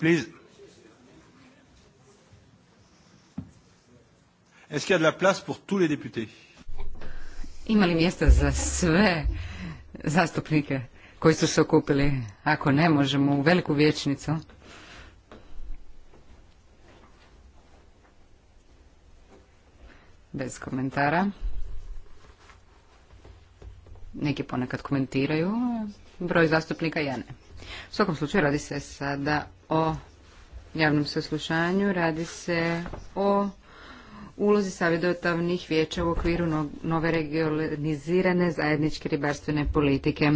Please. Est-ce qu'il y a de la place pour tous les députés Ima li mjesta za sve zastupnike koji su se okupili? Ako ne, možemo u veliku vječnicu. Bez komentara. Neki ponekad komentiraju, broj zastupnika ja ne. U svakom slučaju radi se sada o javnom saslušanju. Radi se o ulozi savjedotavnih vijeća u okviru nove regionalizirane zajedničke ribarstvene politike.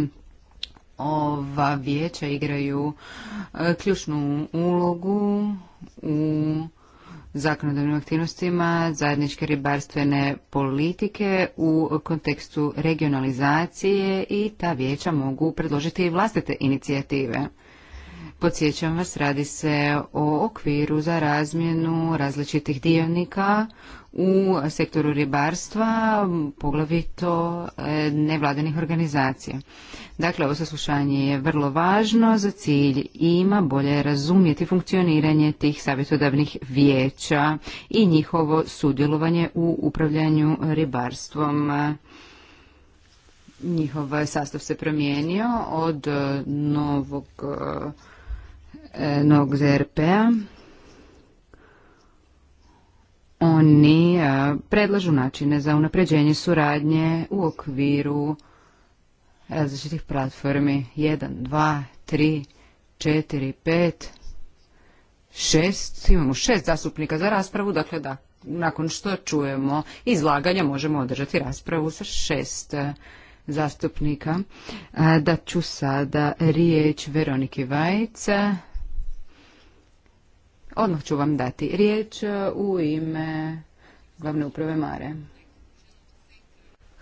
Ova vijeća igraju e, ključnu ulogu u zakonodavnim aktivnostima zajedničke ribarstvene politike u kontekstu regionalizacije i ta vijeća mogu predložiti i vlastite inicijative. Podsjećam vas, radi se o okviru za razmjenu različitih dionika u sektoru ribarstva, poglavito e, nevladinih organizacija. Dakle, ovo saslušanje je vrlo važno za cilj i ima bolje razumjeti funkcioniranje tih savjetodavnih vijeća i njihovo sudjelovanje u upravljanju ribarstvom. Njihov sastav se promijenio od novog novog ZRP-a. Oni predlažu načine za unapređenje suradnje u okviru različitih platformi 1, 2, 3, 4, 5, 6. Imamo šest zastupnika za raspravu, dakle da, nakon što čujemo izlaganja možemo održati raspravu sa šest e, zastupnika. Da ću sada riječ Veroniki Vajca Odmah ću vam dati riječ e, u ime glavne uprave Mare.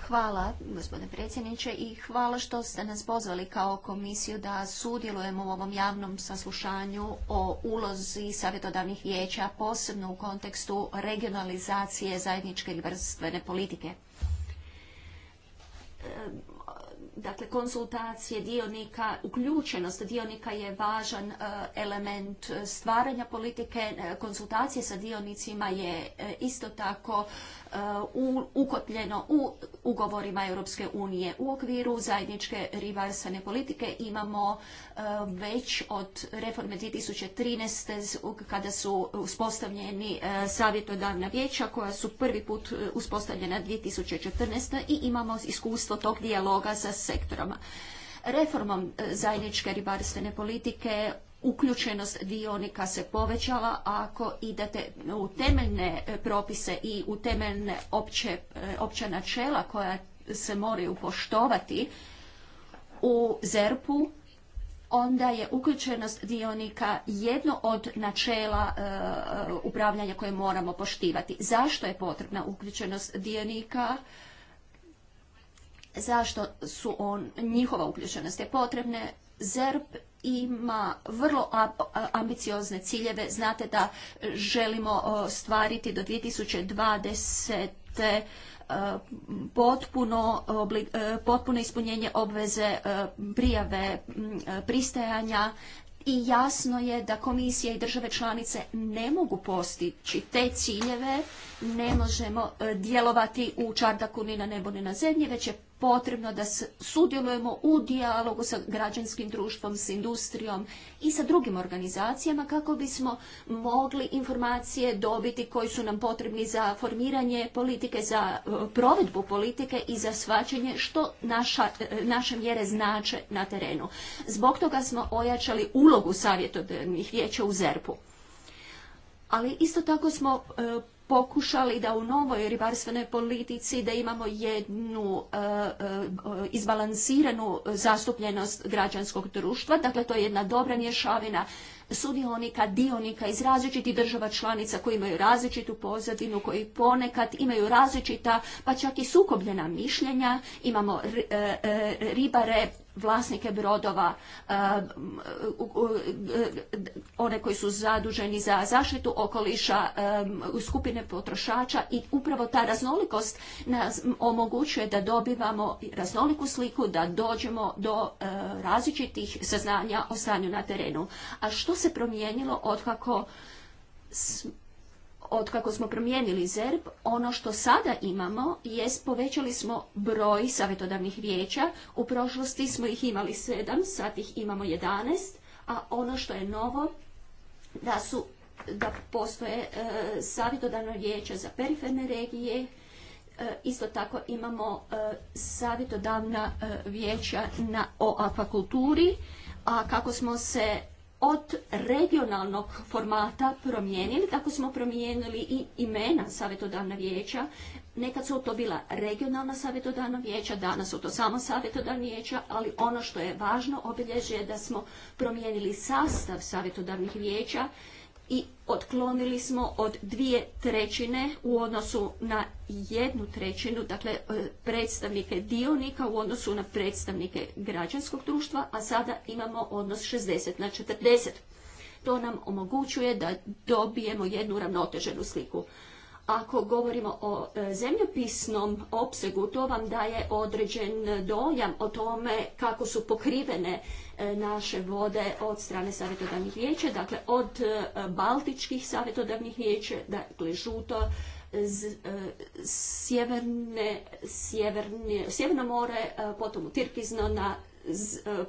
Hvala, gospodine predsjedniče, i hvala što ste nas pozvali kao komisiju da sudjelujemo u ovom javnom saslušanju o ulozi savjetodavnih vijeća, posebno u kontekstu regionalizacije zajedničke vrstvene politike dakle konsultacije dionika, uključenost dionika je važan e, element stvaranja politike, e, konsultacije sa dionicima je e, isto tako ukotljeno u ugovorima Europske unije. U okviru zajedničke ribarstvene politike imamo e, već od reforme 2013. kada su uspostavljeni e, savjetodavna vijeća koja su prvi put e, uspostavljena 2014. i imamo iskustvo tog dijaloga sa sektorama. Reformom zajedničke ribarstvene politike uključenost dionika se povećala, a ako idete u temeljne e, propise i u temeljne opće, e, opća načela koja se moraju poštovati u ZERP-u, onda je uključenost dionika jedno od načela e, upravljanja koje moramo poštivati. Zašto je potrebna uključenost dionika? Zašto su on, njihova uključenost je potrebna? ZERP ima vrlo ambiciozne ciljeve. Znate da želimo stvariti do 2020 e, potpuno, e, potpuno ispunjenje obveze e, prijave pristajanja i jasno je da komisija i države članice ne mogu postići te ciljeve ne možemo e, djelovati u čardaku ni na nebo, ni na zemlji, već je potrebno da sudjelujemo u dijalogu sa građanskim društvom, s industrijom i sa drugim organizacijama kako bismo mogli informacije dobiti koji su nam potrebni za formiranje politike, za e, provedbu politike i za svačanje što naša, e, naše mjere znače na terenu. Zbog toga smo ojačali ulogu savjetodavnih vijeća u ZERP-u ali isto tako smo pokušali da u novoj ribarstvenoj politici da imamo jednu e, e, izbalansiranu zastupljenost građanskog društva. Dakle, to je jedna dobra mješavina sudionika, dionika iz različitih država članica koji imaju različitu pozadinu, koji ponekad imaju različita, pa čak i sukobljena mišljenja. Imamo e, ribare vlasnike brodova, e, e, one koji su zaduženi za zaštitu okoliša, e, skupine potrošača i upravo ta raznolikost nas omogućuje da dobivamo raznoliku sliku, da dođemo do različitih saznanja o stanju na terenu. A što se promijenilo kako od kako smo promijenili ZERP, ono što sada imamo je povećali smo broj savjetodavnih vijeća. U prošlosti smo ih imali sedam, sad ih imamo jedanaest, a ono što je novo da su da postoje e, vijeća za periferne regije, e, isto tako imamo e, savjetodavna e, vijeća na, o akvakulturi, a kako smo se od regionalnog formata promijenili, tako smo promijenili i imena savjetodavna vijeća. Nekad su to bila regionalna savjetodavna vijeća, danas su to samo savjetodavna vijeća, ali ono što je važno obilježje je da smo promijenili sastav savjetodavnih vijeća i otklonili smo od dvije trećine u odnosu na jednu trećinu, dakle e, predstavnike dionika u odnosu na predstavnike građanskog društva, a sada imamo odnos 60 na 40. To nam omogućuje da dobijemo jednu ravnoteženu sliku. Ako govorimo o e, zemljopisnom opsegu, to vam daje određen dojam o tome kako su pokrivene E, naše vode od strane savjetodavnih vijeća, dakle od e, baltičkih savjetodavnih vijeća, dakle žuto, e, sjeverne, sjeverno more, potom u Tirkizno na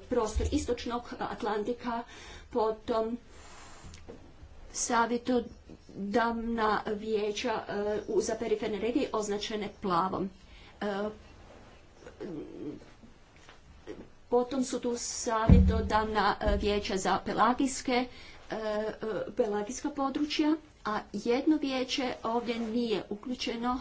prostor istočnog Atlantika, potom savjetodavna vijeća za periferne regije označene plavom Potom su tu savjetodavna e, vijeća za pelagijske, e, e, pelagijska područja, a jedno vijeće ovdje nije uključeno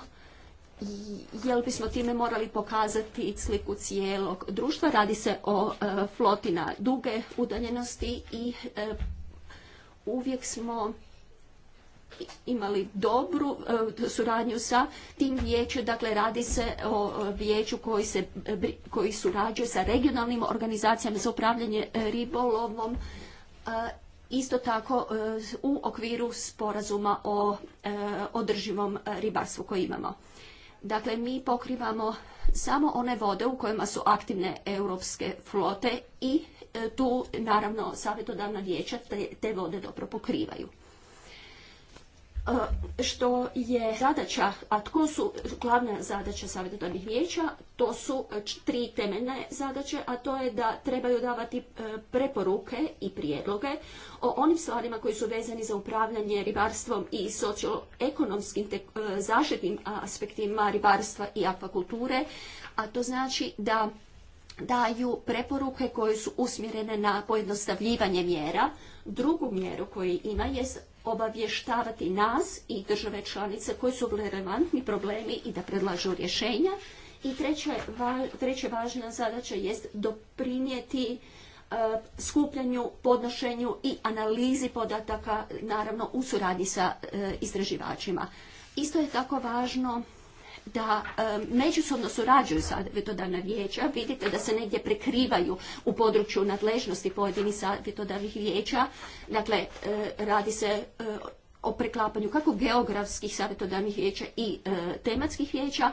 jer bismo time morali pokazati sliku cijelog društva. Radi se o flotina duge udaljenosti i uvijek smo imali dobru e, suradnju sa tim vijećem. Dakle, radi se o e, vijeću koji, se, e, koji surađuje sa regionalnim organizacijama za upravljanje ribolovom. isto tako u okviru sporazuma o održivom ribarstvu koji imamo. Dakle, mi pokrivamo samo one vode u kojima su aktivne europske flote i tu naravno savjetodavna vijeća te vode dobro pokrivaju što je zadaća, a tko su glavna zadaća savjetodavnih vijeća, to su e, tri temeljne zadaće, a to je da trebaju davati e, preporuke i prijedloge o onim stvarima koji su vezani za upravljanje ribarstvom i socioekonomskim e, zaštitnim aspektima ribarstva i akvakulture, a to znači da daju preporuke koje su usmjerene na pojednostavljivanje mjera. Drugu mjeru koju ima je obavještavati nas i države članice koji su relevantni problemi i da predlažu rješenja. I treća, važna zadaća jest doprinijeti e, skupljanju, podnošenju i analizi podataka, naravno u suradnji sa e, istraživačima. Isto je tako važno da međusobno surađuju savjetodavna vijeća. Vidite da se negdje prekrivaju u području nadležnosti pojedinih savjetodavnih vijeća. Dakle, e, radi se e, o preklapanju kako geografskih savjetodavnih vijeća i e, tematskih vijeća,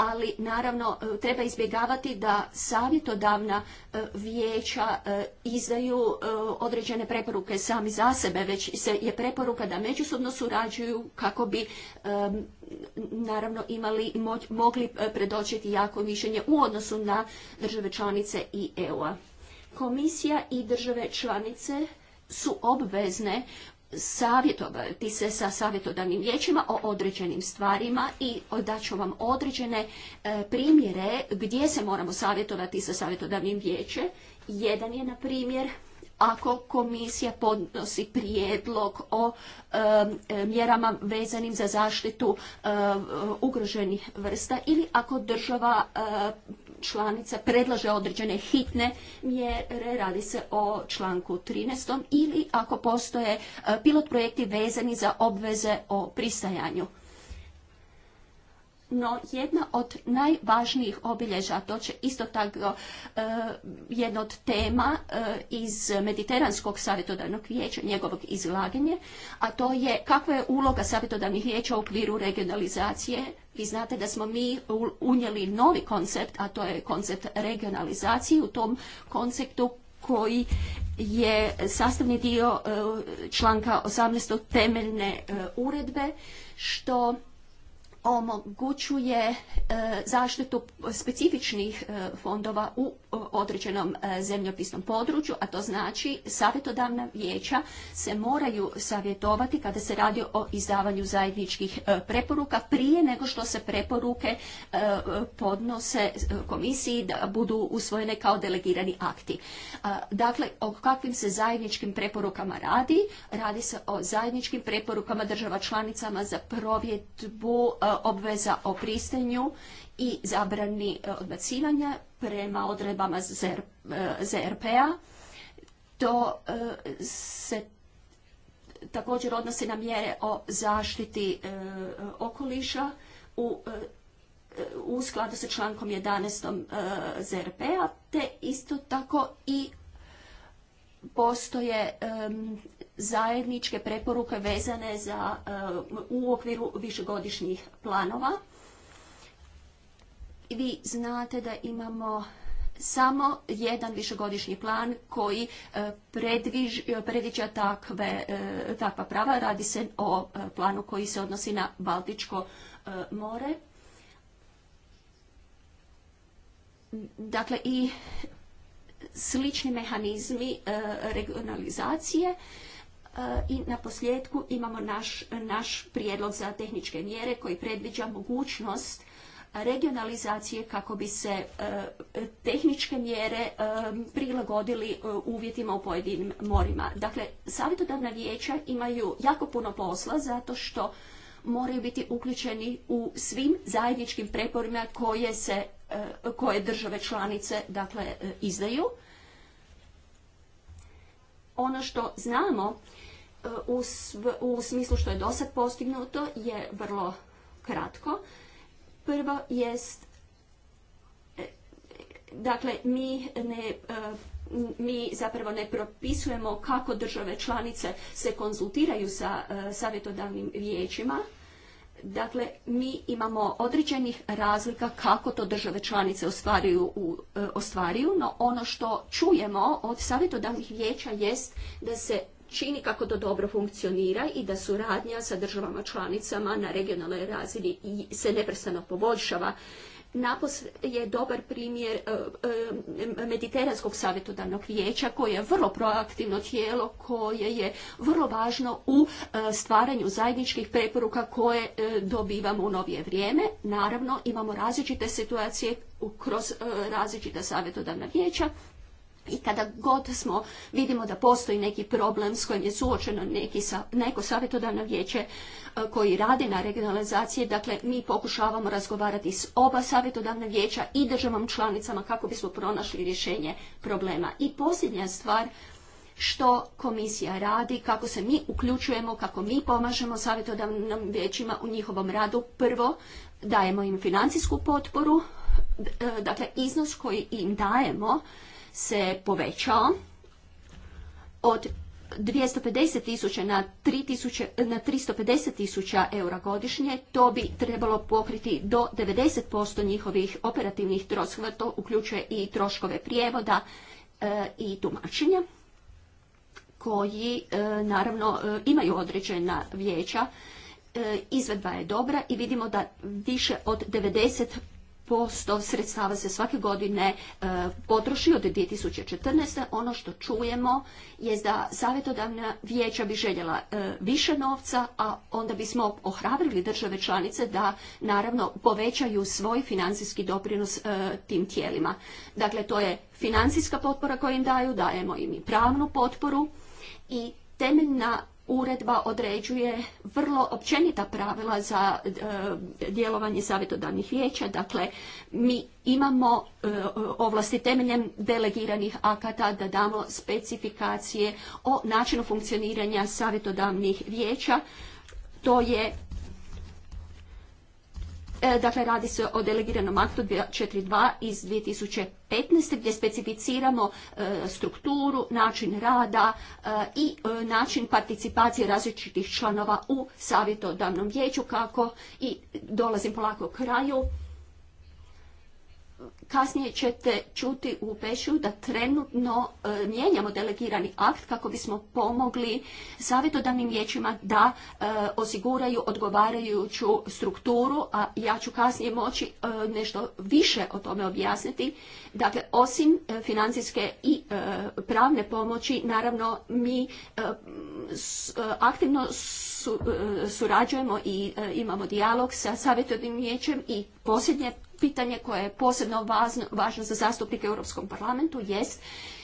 ali naravno e, treba izbjegavati da savjetodavna e, vijeća e, izdaju određene preporuke sami za sebe, već se je preporuka da međusobno surađuju kako bi naravno imali mogli predočiti jako mišljenje u odnosu na države članice i EU-a. Komisija i države članice su obvezne savjetovati se sa savjetodavnim vijećima o određenim stvarima i daću vam određene e, primjere gdje se moramo savjetovati sa savjetodavnim vijećem. Jedan je, na primjer, ako komisija podnosi prijedlog o e, e, mjerama vezanim za zaštitu ugroženih vrsta ili ako država članica predlaže određene hitne mjere, radi se o članku 13. ili ako postoje e, pilot projekti vezani za obveze o pristajanju no jedna od najvažnijih obilježa, to će isto tako e, jedna od tema e, iz Mediteranskog savjetodavnog vijeća, njegovog izlaganja, a to je kakva je uloga savjetodavnih vijeća u okviru regionalizacije. Vi znate da smo mi unijeli novi koncept, a to je koncept regionalizacije. U tom konceptu koji je sastavni dio e, članka 18. temeljne e, uredbe, što omogućuje e, zaštitu specifičnih e, fondova u određenom e, zemljopisnom području, a to znači savjetodavna vijeća se moraju savjetovati kada se radi o izdavanju zajedničkih e, preporuka prije nego što se preporuke e, podnose komisiji da budu usvojene kao delegirani akti. Dakle, o kakvim se zajedničkim preporukama radi? Radi se o zajedničkim preporukama država članicama za provjetbu obveza o pristanju i zabrani e, odbacivanja prema odredbama ZRP-a. E, to e, se također odnosi na mjere o zaštiti okoliša u skladu sa člankom 11. ZRP-a, te isto tako i postoje zajedničke preporuke vezane u okviru višegodišnjih planova vi znate da imamo samo jedan višegodišnji plan koji e, e, predviđa e, takva prava. Radi se o planu koji se odnosi na Baltičko more. Dakle, i slični mehanizmi regionalizacije i na posljedku imamo naš prijedlog za tehničke mjere koji predviđa mogućnost regionalizacije kako bi se e, tehničke mjere e, prilagodili e, uvjetima u pojedinim morima. Dakle, savjetodavna vijeća imaju jako puno posla zato što moraju biti uključeni u svim zajedničkim preporima koje se koje države članice dakle izdaju. Ono što znamo u, smislu što je do postignuto je vrlo kratko. Prvo jest, e, dakle, mi ne e, mi zapravo ne propisujemo kako države članice se konzultiraju sa e, savjetodavnim vijećima. Dakle, mi imamo određenih razlika kako to države članice ostvaruju, u, ostvaruju no ono što čujemo od savjetodavnih vijeća jest da se čini, kako to dobro funkcionira i da suradnja sa državama članicama na regionalnoj razini se neprestano poboljšava. Napos je dobar primjer e, e, Mediteranskog savjetodavnog vijeća koje je vrlo proaktivno tijelo koje je vrlo važno u e, stvaranju zajedničkih preporuka koje dobivamo u novije vrijeme. Naravno imamo različite situacije kroz različita savjetodavna vijeća i kada god smo vidimo da postoji neki problem s kojim je suočeno neki, neko savjetodavno vijeće e, koji radi na regionalizaciji, dakle mi pokušavamo razgovarati s oba savjetodavna vijeća i državom članicama kako bismo pronašli rješenje problema. I posljednja stvar što komisija radi, kako se mi uključujemo, kako mi pomažemo savjetodavnim vijećima u njihovom radu. Prvo, dajemo im financijsku potporu, e, dakle iznos koji im dajemo se povećao od 250 tisuća na, 3000, na 350 eura godišnje, to bi trebalo pokriti do 90% njihovih operativnih troškova, to uključuje i troškove prijevoda e, i tumačenja koji e, naravno e, imaju određena vijeća. Izvedba je dobra i vidimo da više od posto sredstava se svake godine e, potroši od 2014. Ono što čujemo je da savjetodavna vijeća bi željela e, više novca, a onda bismo ohrabrili države članice da naravno povećaju svoj financijski doprinos e, tim tijelima. Dakle, to je financijska potpora koju im daju, dajemo im i pravnu potporu i temeljna uredba određuje vrlo općenita pravila za e, djelovanje savjetodavnih vijeća. Dakle, mi imamo e, ovlasti temeljem delegiranih akata da damo specifikacije o načinu funkcioniranja savjetodavnih vijeća. To je E, dakle, radi se o delegiranom aktu 42 iz 2015. gdje specificiramo e, strukturu, način rada e, i način participacije različitih članova u savjetodavnom vijeću kako i dolazim polako kraju kasnije ćete čuti u Pešu da trenutno e, mijenjamo delegirani akt kako bismo pomogli savjetodavnim vijećima da e, osiguraju odgovarajuću strukturu, a ja ću kasnije moći e, nešto više o tome objasniti. Dakle, osim financijske i pravne pomoći, naravno mi aktivno surađujemo i imamo dijalog sa savjetodavnim vijećem i posljednje pitanje koje je posebno važno, za zastupnike u Europskom parlamentu jest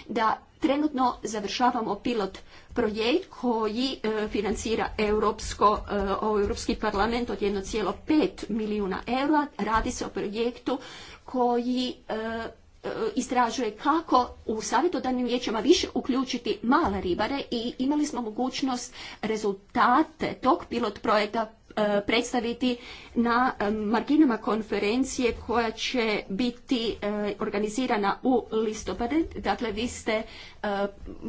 da trenutno završavamo pilot projekt koji e, financira Europsko, e, ovaj Europski parlament od 1,5 milijuna eura. Radi se o projektu koji e, istražuje kako u savjetodavnim vijećima više uključiti male ribare i imali smo mogućnost rezultate tog pilot projekta E, predstaviti na e, marginama konferencije koja će biti e, organizirana u listopadu. Dakle, vi ste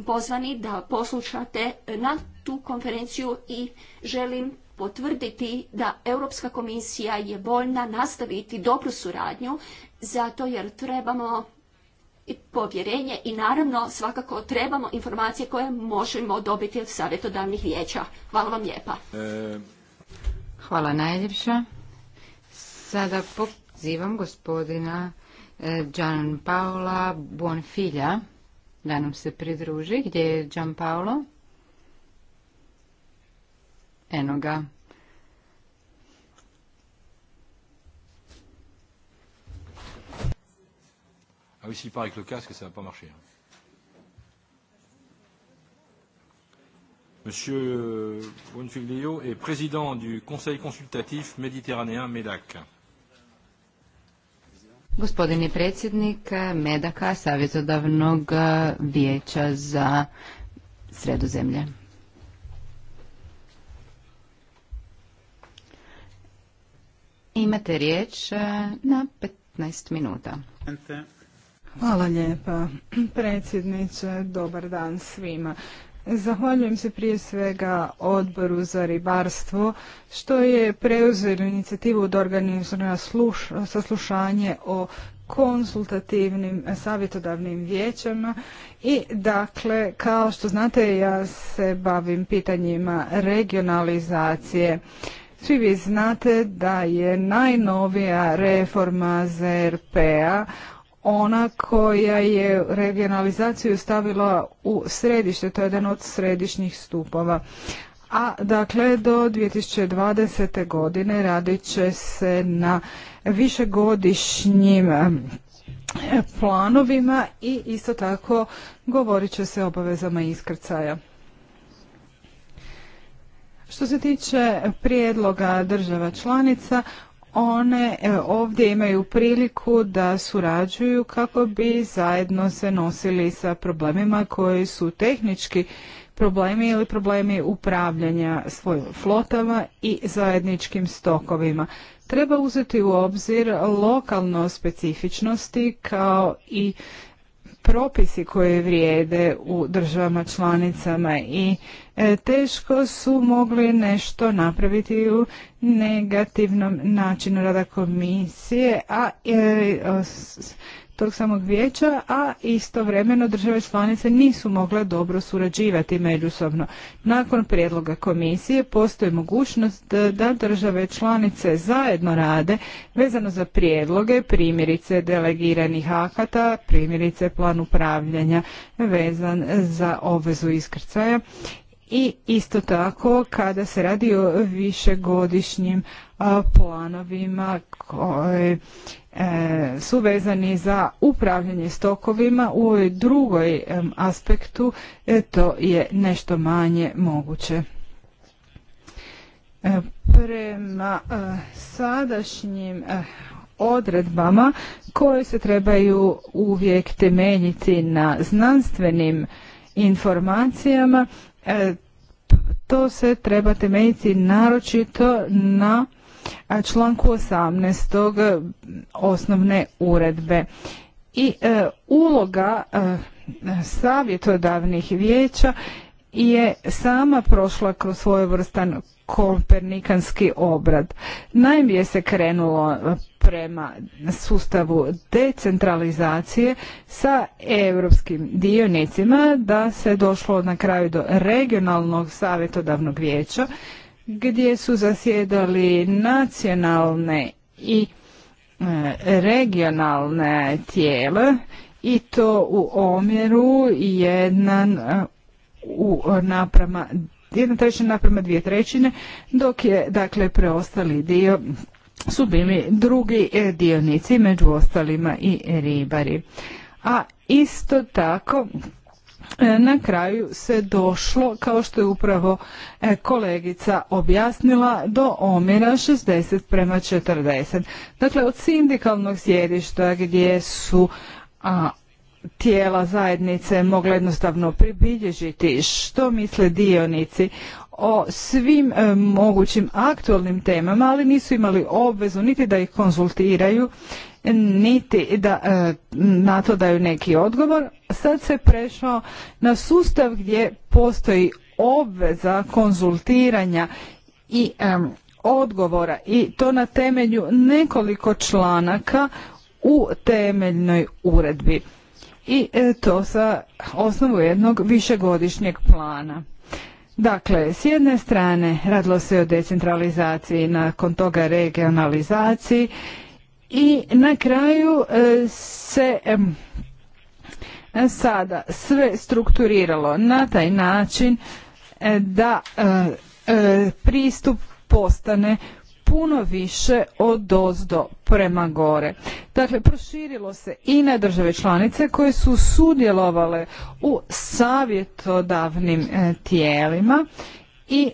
pozvani da poslušate na tu konferenciju i želim potvrditi da Europska komisija je voljna nastaviti dobru suradnju zato jer trebamo povjerenje i naravno svakako trebamo informacije koje možemo dobiti od savjetodavnih vijeća. Hvala vam lijepa. Hvala najljepša. Sada pozivam gospodina e, Gian Paola Bonfilja da nam se pridruži. Gdje je Gian Paolo? Eno ga. Ah oui, s'il part avec le casque, ça va pas marcher. Monsieur euh, Bonfiglio est président du Conseil consultatif méditerranéen MEDAC. Gospodin je predsjednik Medaka, savjetodavnog uh, vijeća za sredozemlje. Imate riječ uh, na 15 minuta. Hvala lijepa, predsjedniče. Dobar dan svima. Zahvaljujem se prije svega odboru za ribarstvo što je preuzelo inicijativu od organizirana saslušanje o konsultativnim savjetodavnim vijećama i dakle kao što znate ja se bavim pitanjima regionalizacije. Svi vi znate da je najnovija reforma ZRP-a ona koja je regionalizaciju stavila u središte, to je jedan od središnjih stupova. A dakle do 2020. godine radit će se na višegodišnjim planovima i isto tako govorit će se o obavezama iskrcaja. Što se tiče prijedloga država članica, one e, ovdje imaju priliku da surađuju kako bi zajedno se nosili sa problemima koji su tehnički problemi ili problemi upravljanja svojim flotama i zajedničkim stokovima. Treba uzeti u obzir lokalno specifičnosti kao i propisi koji vrijede u državama članicama i e, teško su mogli nešto napraviti u negativnom načinu rada komisije, a e, tog samog vijeća, a istovremeno države članice nisu mogle dobro surađivati međusobno. Nakon prijedloga komisije postoji mogućnost da države članice zajedno rade vezano za prijedloge, primjerice delegiranih akata, primjerice plan upravljanja vezan za obvezu iskrcaja i isto tako kada se radi o višegodišnjim planovima koje E, su vezani za upravljanje stokovima u ovoj drugoj aspektu e, to je nešto manje moguće. E, prema sadašnjim odredbama koje se trebaju uvijek temeljiti na znanstvenim informacijama, to se treba temeljiti naročito na članku 18. E, osnovne uredbe. I e, uloga e, savjetodavnih vijeća je sama prošla kroz svojevrstan kopernikanski obrad. Najmije se krenulo prema sustavu decentralizacije sa europskim dionicima da se došlo na kraju do regionalnog savjetodavnog vijeća gdje su zasjedali nacionalne i e, regionalne tijele i to u omjeru jedan e, u naprama jedna trećina naprama dvije trećine dok je dakle preostali dio su bili drugi e, dionici među ostalima i ribari a isto tako E, na kraju se došlo, kao što je upravo e, kolegica objasnila, do omjera 60 prema 40. Dakle, od sindikalnog sjedišta gdje su a, tijela zajednice mogle jednostavno pribilježiti što misle dionici o svim e, mogućim aktualnim temama, ali nisu imali obvezu niti da ih konzultiraju, niti da, e, na to daju neki odgovor. Sad se prešao na sustav gdje postoji obveza konzultiranja i e, odgovora i to na temelju nekoliko članaka u temeljnoj uredbi i e, to sa osnovu jednog višegodišnjeg plana. Dakle, s jedne strane radilo se o decentralizaciji, nakon toga regionalizaciji i na kraju e, se e, sada sve strukturiralo na taj način e, da pristup postane puno više od dozdo prema gore. Dakle, proširilo se i na države članice koje su sudjelovale u savjetodavnim tijelima i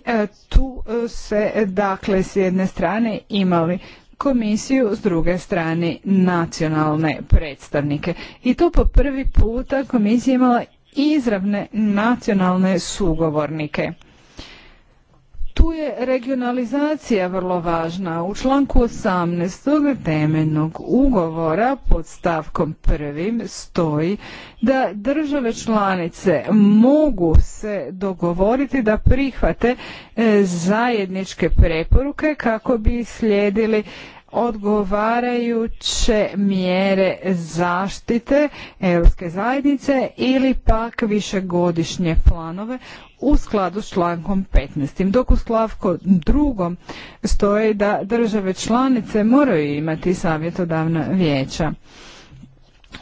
tu se dakle s jedne strane imali komisiju, s druge strane nacionalne predstavnike. I to po prvi puta komisija imala izravne nacionalne sugovornike. Tu je regionalizacija vrlo važna. U članku 18. temeljnog ugovora pod stavkom prvim stoji da države članice mogu se dogovoriti da prihvate e, zajedničke preporuke kako bi slijedili odgovarajuće mjere zaštite Europske zajednice ili pak višegodišnje planove u skladu s člankom 15. Dok u slavku drugom stoji da države članice moraju imati savjetodavna vijeća.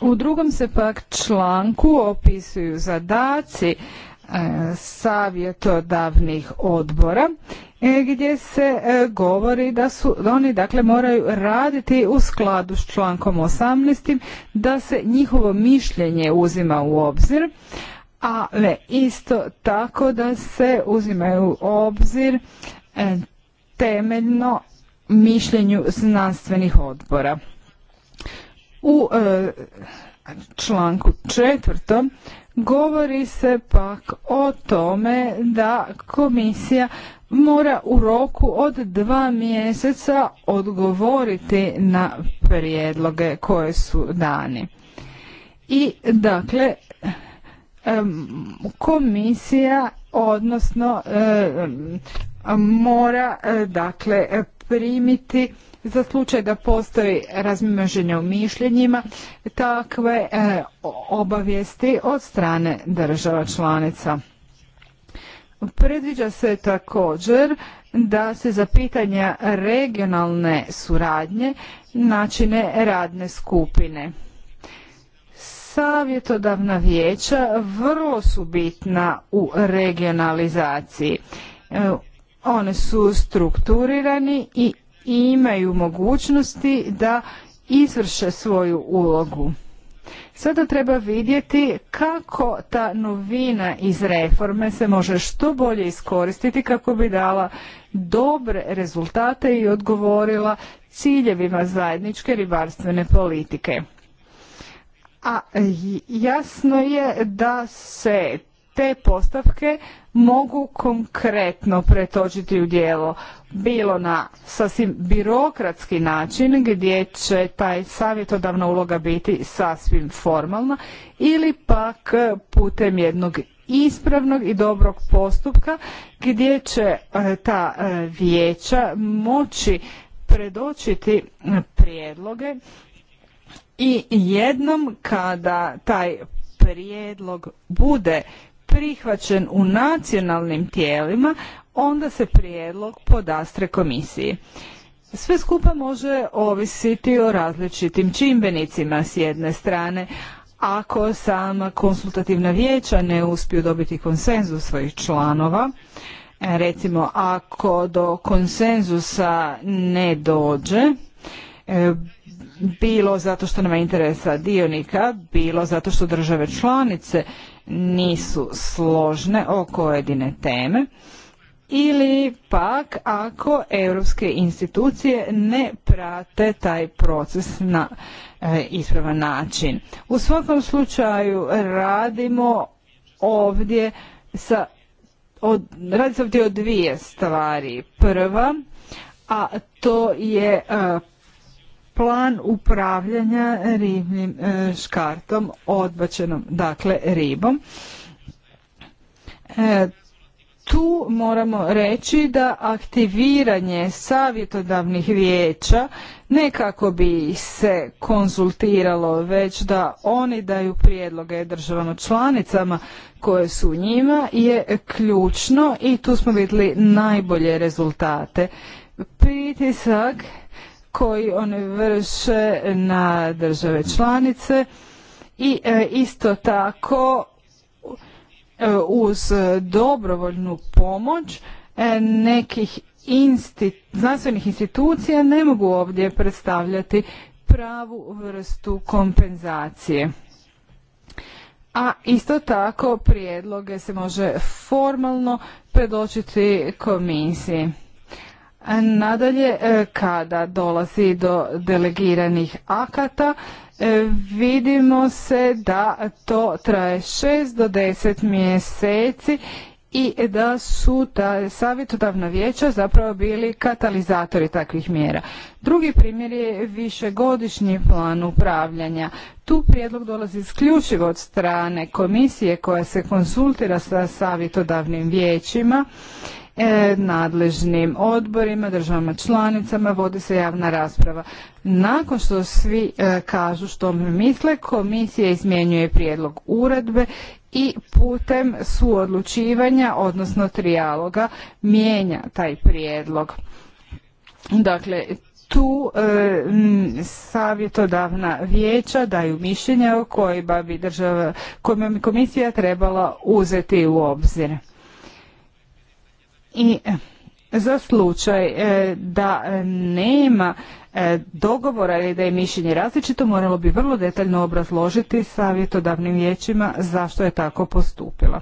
U drugom se pak članku opisuju zadaci E, savjetodavnih odbora e, gdje se e, govori da su oni dakle moraju raditi u skladu s člankom 18. da se njihovo mišljenje uzima u obzir a ne, isto tako da se uzimaju u obzir temeljno mišljenju znanstvenih odbora. U članku četvrtom Govori se pak o tome da komisija mora u roku od dva mjeseca odgovoriti na prijedloge koje su dani. I dakle, komisija odnosno mora dakle primiti za slučaj da postoji razmimoženje u mišljenjima takve e, obavijesti od strane država članica. Predviđa se također da se za pitanja regionalne suradnje načine radne skupine. Savjetodavna vijeća vrlo su bitna u regionalizaciji. E, one su strukturirani i imaju mogućnosti da izvrše svoju ulogu. Sada treba vidjeti kako ta novina iz reforme se može što bolje iskoristiti kako bi dala dobre rezultate i odgovorila ciljevima zajedničke ribarstvene politike. A jasno je da se te postavke mogu konkretno pretočiti u djelo. Bilo na sasvim birokratski način gdje će taj savjetodavna uloga biti sasvim formalna ili pak putem jednog ispravnog i dobrog postupka gdje će e, ta e, vijeća moći predočiti prijedloge i jednom kada taj prijedlog bude prihvaćen u nacionalnim tijelima, onda se prijedlog podastre komisiji. Sve skupa može ovisiti o različitim čimbenicima s jedne strane, ako sama konsultativna vijeća ne uspiju dobiti konsenzus svojih članova, recimo ako do konsenzusa ne dođe, e, bilo zato što nema interesa dionika, bilo zato što države članice nisu složne oko jedine teme ili pak ako europske institucije ne prate taj proces na e, ispravan način. U svakom slučaju radimo ovdje sa od, radi se ovdje o dvije stvari. Prva, a to je e, plan upravljanja ribnim e, škartom odbačenom, dakle ribom. E, tu moramo reći da aktiviranje savjetodavnih vijeća ne kako bi se konzultiralo već da oni daju prijedloge državama članicama koje su u njima je ključno i tu smo vidjeli najbolje rezultate. Pritisak koji oni vrše na države članice i e, isto tako e, uz dobrovoljnu pomoć e, nekih znanstvenih institucija ne mogu ovdje predstavljati pravu vrstu kompenzacije. A isto tako prijedloge se može formalno predočiti komisiji. Nadalje, e, kada dolazi do delegiranih akata, e, vidimo se da to traje 6 do 10 mjeseci i da su ta savjetodavna vijeća zapravo bili katalizatori takvih mjera. Drugi primjer je višegodišnji plan upravljanja. Tu prijedlog dolazi isključivo od strane komisije koja se konsultira sa savjetodavnim vijećima E, nadležnim odborima, državama članicama, vodi se javna rasprava. Nakon što svi e, kažu što misle, komisija izmjenjuje prijedlog uredbe i putem suodlučivanja, odnosno trijaloga, mijenja taj prijedlog. Dakle, tu e, savjetodavna vijeća daju mišljenja o kojima bi država, kojima bi komisija trebala uzeti u obzir i e, za slučaj e, da nema e, dogovora ili da je mišljenje različito, moralo bi vrlo detaljno obrazložiti savjetodavnim vijećima zašto je tako postupila.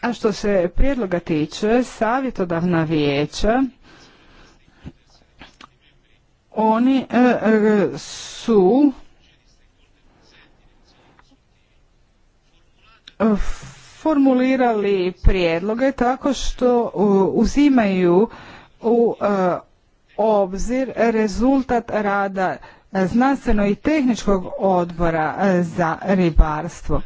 A što se prijedloga tiče, savjetodavna vijeća oni su formulirali prijedloge tako što uzimaju u e, obzir rezultat rada znanstveno i tehničkog odbora e, za ribarstvo.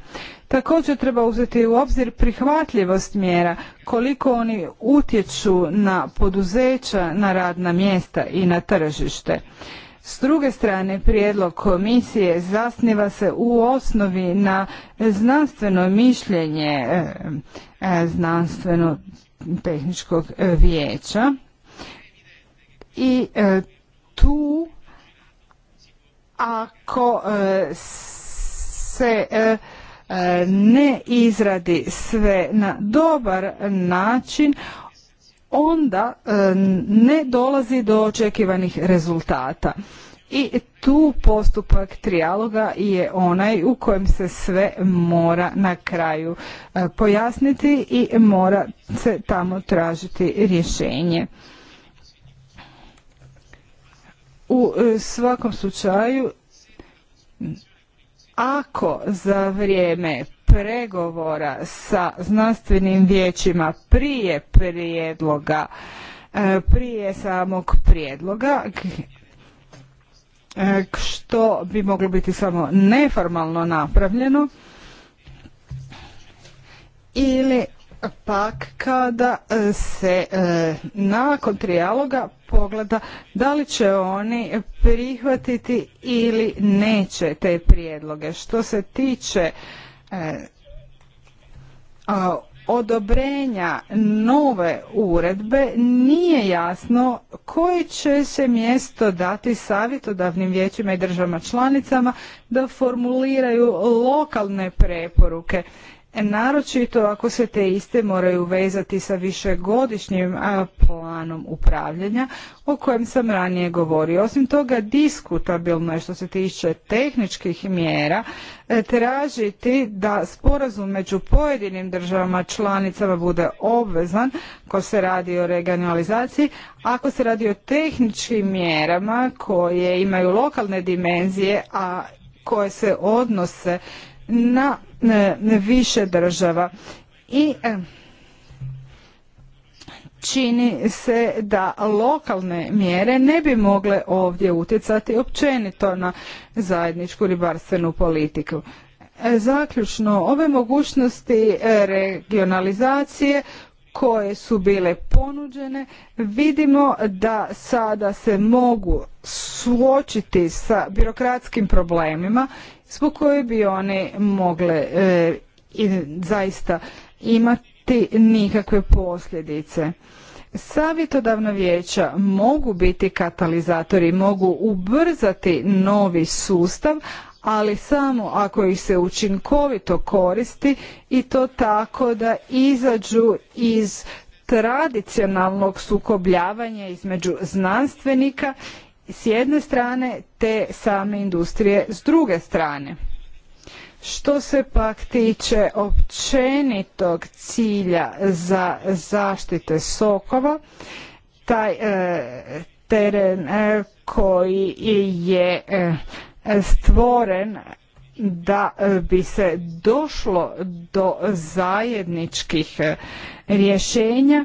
Također treba uzeti u obzir prihvatljivost mjera, koliko oni utječu na poduzeća, na radna mjesta i na tržište. S druge strane, prijedlog komisije zasniva se u osnovi na znanstveno mišljenje e, e, znanstveno tehničkog e, vijeća i tu ako se ne izradi sve na dobar način onda e, ne dolazi do očekivanih rezultata. I tu postupak trijaloga je onaj u kojem se sve mora na kraju e, pojasniti i mora se tamo tražiti rješenje. U e, svakom slučaju, ako za vrijeme pregovora sa znanstvenim vijećima prije prijedloga, e, prije samog prijedloga, e, što bi moglo biti samo neformalno napravljeno ili pak kada se e, nakon trijaloga pogleda da li će oni prihvatiti ili neće te prijedloge. Što se tiče E, odobrenja nove uredbe nije jasno koje će se mjesto dati savjetodavnim vijećima i državama članicama da formuliraju lokalne preporuke naročito ako se te iste moraju vezati sa višegodišnjim planom upravljanja o kojem sam ranije govorio. Osim toga, diskutabilno je što se tiče tehničkih mjera e, tražiti da sporazum među pojedinim državama članicama bude obvezan ko se radi o regionalizaciji, ako se radi o tehničkim mjerama koje imaju lokalne dimenzije, a koje se odnose na više država. I e, čini se da lokalne mjere ne bi mogle ovdje utjecati općenito na zajedničku ribarstvenu politiku. E, zaključno, ove mogućnosti e, regionalizacije koje su bile ponuđene vidimo da sada se mogu suočiti sa birokratskim problemima zbog koje bi one mogle e, zaista imati nikakve posljedice. Savjetodavna vijeća mogu biti katalizatori, mogu ubrzati novi sustav, ali samo ako ih se učinkovito koristi i to tako da izađu iz tradicionalnog sukobljavanja između znanstvenika s jedne strane te same industrije s druge strane. Što se pak tiče općenitog cilja za zaštite sokova, taj e, teren e, koji je e, stvoren da bi se došlo do zajedničkih rješenja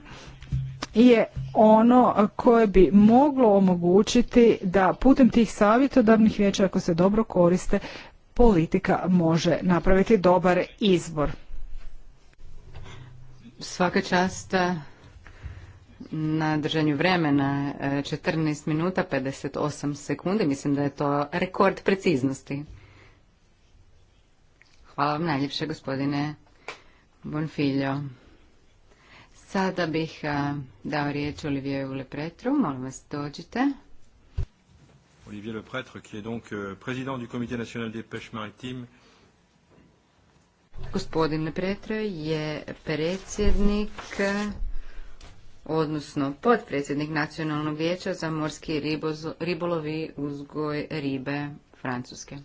je ono koje bi moglo omogućiti da putem tih savjetodavnih vijeća ako se dobro koriste politika može napraviti dobar izbor. Svaka čast eh, na držanju vremena 14 eh, minuta 58 sekundi. Mislim da je to rekord preciznosti. Hvala vam najljepše gospodine Bonfiljo. Sada bih dao riječ Olivieru Pretru, Molim vas, dođite. Olivier Lepretre, qui est donc euh, président du Comité national des pêches maritimes. Gospodin Lepretre je predsjednik, odnosno podpredsjednik Nacionalnog vijeća za morski ribolovi uzgoj ribe Francuske.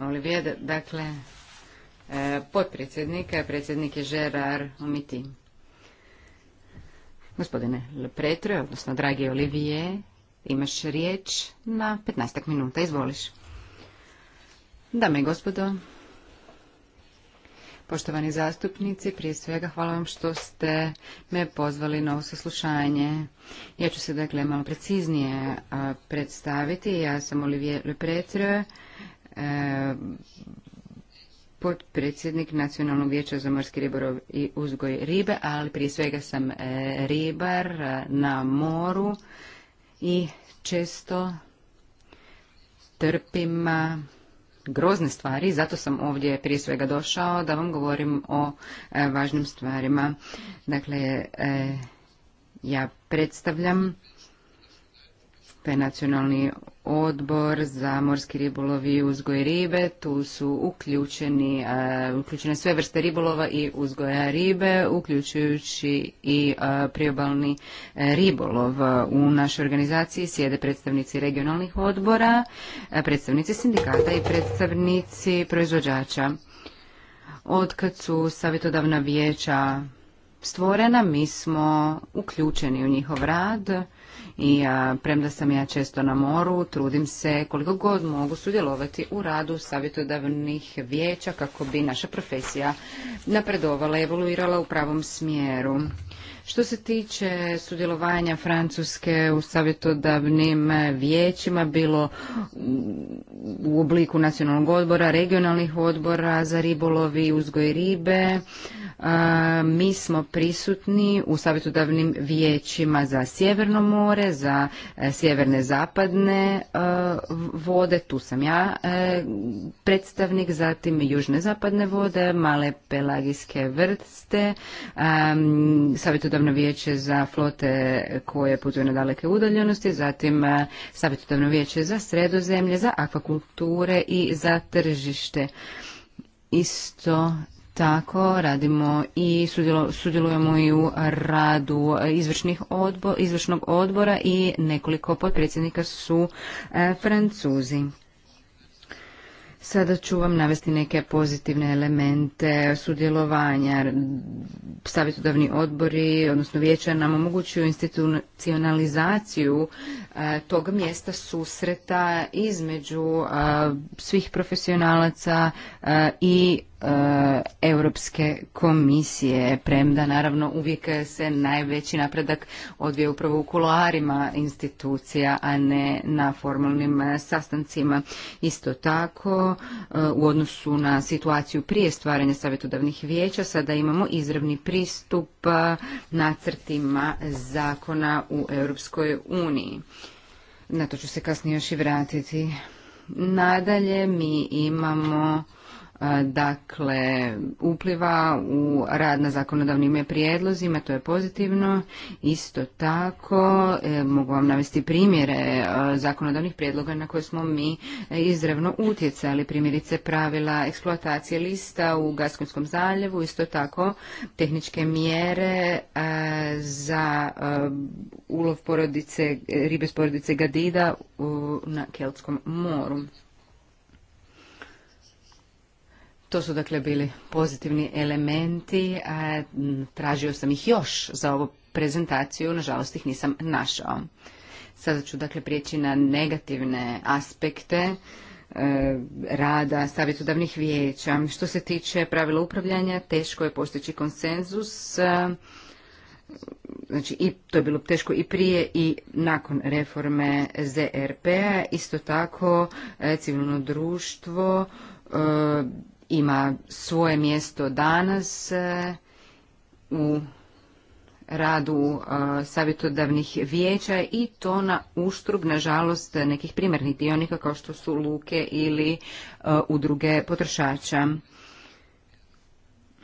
Olivier, dakle, e, potpredsjednika, predsjednik je Gerard umiti. Gospodine Lepretre, odnosno dragi Olivije, imaš riječ na 15 minuta, izvoliš. Dame i gospodo, poštovani zastupnici, prije svega hvala vam što ste me pozvali na ovo saslušanje. Ja ću se dakle malo preciznije predstaviti. Ja sam Olivier Lepretre, Eh, potpredsjednik Nacionalnog vijeća za morski ribarov i uzgoj ribe, ali prije svega sam eh, ribar eh, na moru i često trpim grozne stvari, zato sam ovdje prije svega došao da vam govorim o važnim stvarima. Dakle, ja predstavljam to je nacionalni odbor za morski ribolov i uzgoj ribe. Tu su uključeni, e, uključene sve vrste ribolova i uzgoja ribe, uključujući i uh, priobalni e, ribolov. U našoj organizaciji sjede predstavnici regionalnih odbora, predstavnici sindikata i predstavnici proizvođača. Od kad su savjetodavna vijeća stvorena, mi smo uključeni u njihov rad i ja, premda sam ja često na moru, trudim se koliko god mogu sudjelovati u radu savjetodavnih vijeća kako bi naša profesija napredovala, evoluirala u pravom smjeru. Što se tiče sudjelovanja Francuske u savjetodavnim eh, vijećima, bilo u obliku nacionalnog odbora, regionalnih odbora za ribolovi, uzgoj ribe, eh, mi smo prisutni u savjetodavnim vijećima za Sjeverno more, za eh, sjeverne zapadne vode, tu sam ja predstavnik, zatim južne zapadne vode, male pelagijske vrste, savjetodavnim savjetodavno vijeće za flote koje putuju na daleke udaljenosti, zatim e, savjetodavno vijeće za sredozemlje, za akvakulture i za tržište. Isto tako radimo i sudjelujemo i u radu izvršnih odbo, izvršnog odbora i nekoliko potpredsjednika su e, Francuzi. Sada ću vam navesti neke pozitivne elemente sudjelovanja. Savjetodavni odbori, odnosno vijeća nam omogućuju institucionalizaciju e, tog mjesta susreta između e, svih profesionalaca e, i E, Europske komisije, premda naravno uvijek se najveći napredak odvije upravo u kuloarima institucija, a ne na formalnim sastancima. Isto tako, e, u odnosu na situaciju prije stvaranja savjetodavnih vijeća, sada imamo izravni pristup e, nacrtima zakona u Europskoj uniji. Na to ću se kasnije još i vratiti. Nadalje mi imamo dakle upliva u rad na zakonodavnim prijedlozima, to je pozitivno. Isto tako e, mogu vam navesti primjere e, zakonodavnih prijedloga na koje smo mi e, izravno utjecali, primjerice pravila eksploatacije lista u Gaskonskom zaljevu, isto tako tehničke mjere za ulov porodice, ribe s porodice Gadida na Keltskom moru. To su dakle bili pozitivni elementi, a tražio sam ih još za ovu prezentaciju, nažalost ih nisam našao. Sada ću dakle prijeći na negativne aspekte e, rada savjetodavnih vijeća. Što se tiče pravila upravljanja, teško je postići konsenzus. E, znači i to je bilo teško i prije i nakon reforme ZRP-a. Isto tako e, civilno društvo ima svoje mjesto danas e, u radu e, savjetodavnih vijeća i to na uštrug nažalost, nekih primarnih dionika kao što su luke ili e, udruge potrošača.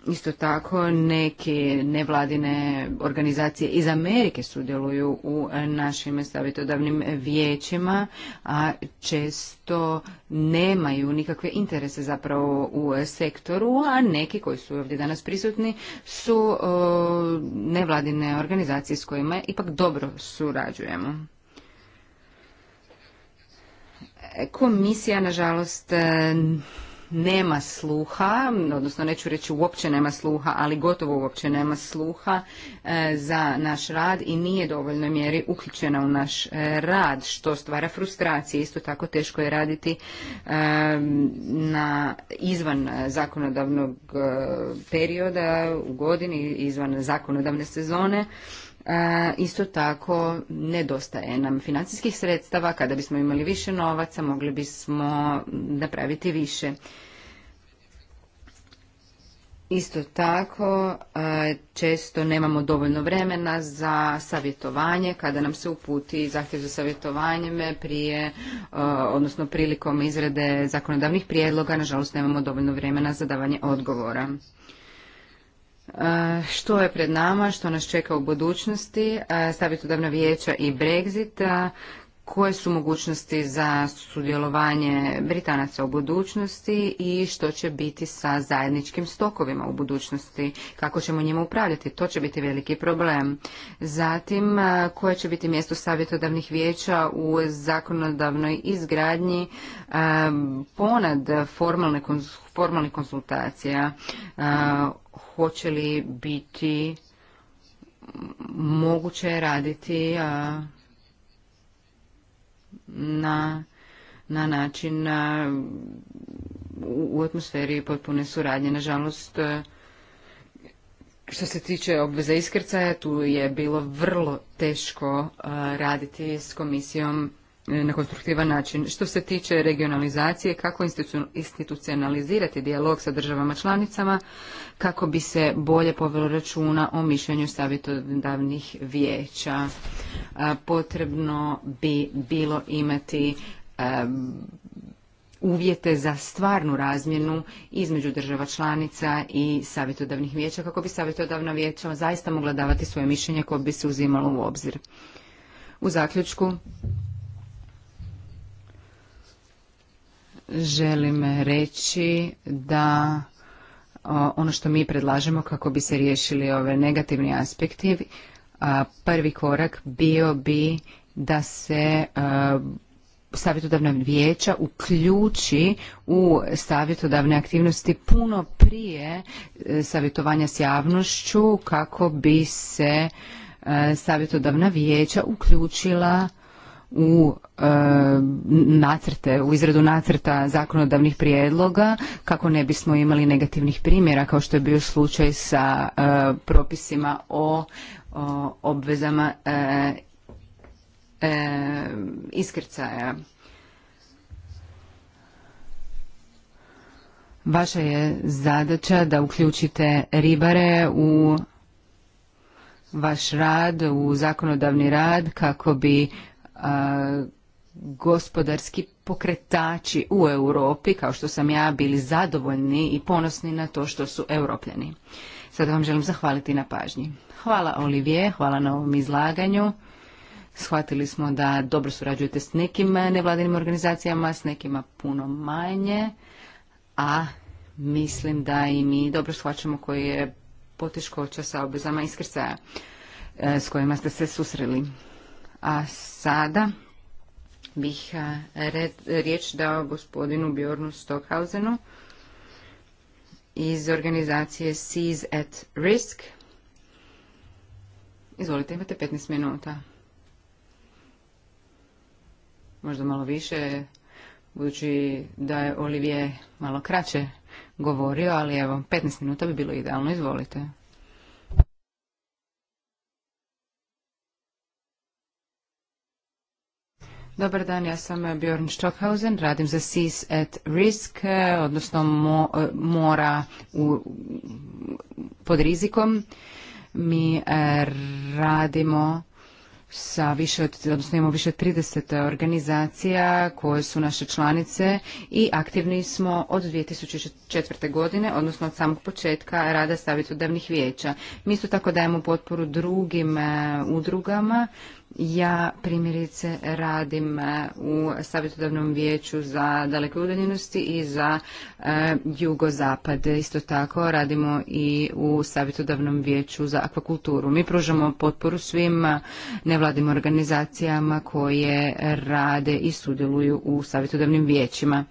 Isto tako neke nevladine organizacije iz Amerike sudjeluju u našim savjetodavnim vijećima, a često nemaju nikakve interese zapravo u sektoru, a neki koji su ovdje danas prisutni su nevladine organizacije s kojima ipak dobro surađujemo. Komisija, nažalost, nema sluha, odnosno neću reći uopće nema sluha, ali gotovo uopće nema sluha e, za naš rad i nije dovoljno mjeri uključena u naš e, rad, što stvara frustracije. Isto tako teško je raditi e, na izvan zakonodavnog perioda u godini, izvan zakonodavne sezone. Isto tako, nedostaje nam financijskih sredstava. Kada bismo imali više novaca, mogli bismo napraviti više. Isto tako, često nemamo dovoljno vremena za savjetovanje. Kada nam se uputi zahtjev za savjetovanje prije, odnosno prilikom izrade zakonodavnih prijedloga, nažalost nemamo dovoljno vremena za davanje odgovora. E, što je pred nama, što nas čeka u budućnosti, e, savjetodavna vijeća i bregzita koje su mogućnosti za sudjelovanje Britanaca u budućnosti i što će biti sa zajedničkim stokovima u budućnosti, kako ćemo njima upravljati, to će biti veliki problem. Zatim, koje će biti mjesto savjetodavnih vijeća u zakonodavnoj izgradnji ponad formalne, formalnih konsultacija, hoće li biti moguće raditi na, na način na, u, u atmosferi potpune suradnje. Nažalost, e, što se tiče obveza iskrcaja, tu je bilo vrlo teško e, raditi s komisijom na konstruktivan način. Što se tiče regionalizacije, kako institucionalizirati dijalog sa državama članicama, kako bi se bolje povelo računa o mišljenju savjetodavnih vijeća. Potrebno bi bilo imati uvjete za stvarnu razmjenu između država članica i savjetodavnih vijeća, kako bi savjetodavna vijeća zaista mogla davati svoje mišljenje koje bi se uzimalo u obzir. U zaključku, želim reći da ono što mi predlažemo kako bi se riješili ove negativni aspekti, prvi korak bio bi da se savjetodavna vijeća uključi u savjetodavne aktivnosti puno prije e, savjetovanja s javnošću kako bi se e, savjetodavna vijeća uključila u e, nacrte, u izradu nacrta zakonodavnih prijedloga kako ne bismo imali negativnih primjera kao što je bio slučaj sa e, propisima o, obvezama e, iskrcaja. Vaša je zadaća da uključite ribare u vaš rad, u zakonodavni rad kako bi gospodarski pokretači u Europi, kao što sam ja, bili zadovoljni i ponosni na to što su europljani. Sada vam želim zahvaliti na pažnji. Hvala Olivije, hvala na ovom izlaganju. Shvatili smo da dobro surađujete s nekim nevladinim organizacijama, s nekima puno manje, a mislim da i mi dobro shvaćamo koji je poteškoća sa obvezama iskrcaja e, s kojima ste se susreli. A sada bih riječ dao gospodinu Bjornu Stockhausenu iz organizacije Seas at Risk. Izvolite, imate 15 minuta. Možda malo više, budući da je Olivije malo kraće govorio, ali evo, 15 minuta bi bilo idealno, izvolite. Dobar dan, ja sam eh, Bjorn Stockhausen, radim za sis at Risk, eh, odnosno mo, eh, mora u, pod rizikom. Mi radimo sa više od, odnosno imamo više od 30 organizacija koje su naše članice i aktivni smo od 2004. godine, odnosno od samog početka rada savjetodavnih vijeća. Mi isto tako dajemo potporu drugim udrugama ja primjerice radim e, u savjetodavnom vijeću za daleke udaljenosti i za e, jugozapad. Isto tako radimo i u savjetodavnom vijeću za akvakulturu. Mi pružamo potporu svim e, nevladim organizacijama koje rade i sudjeluju u savjetodavnim vijećima.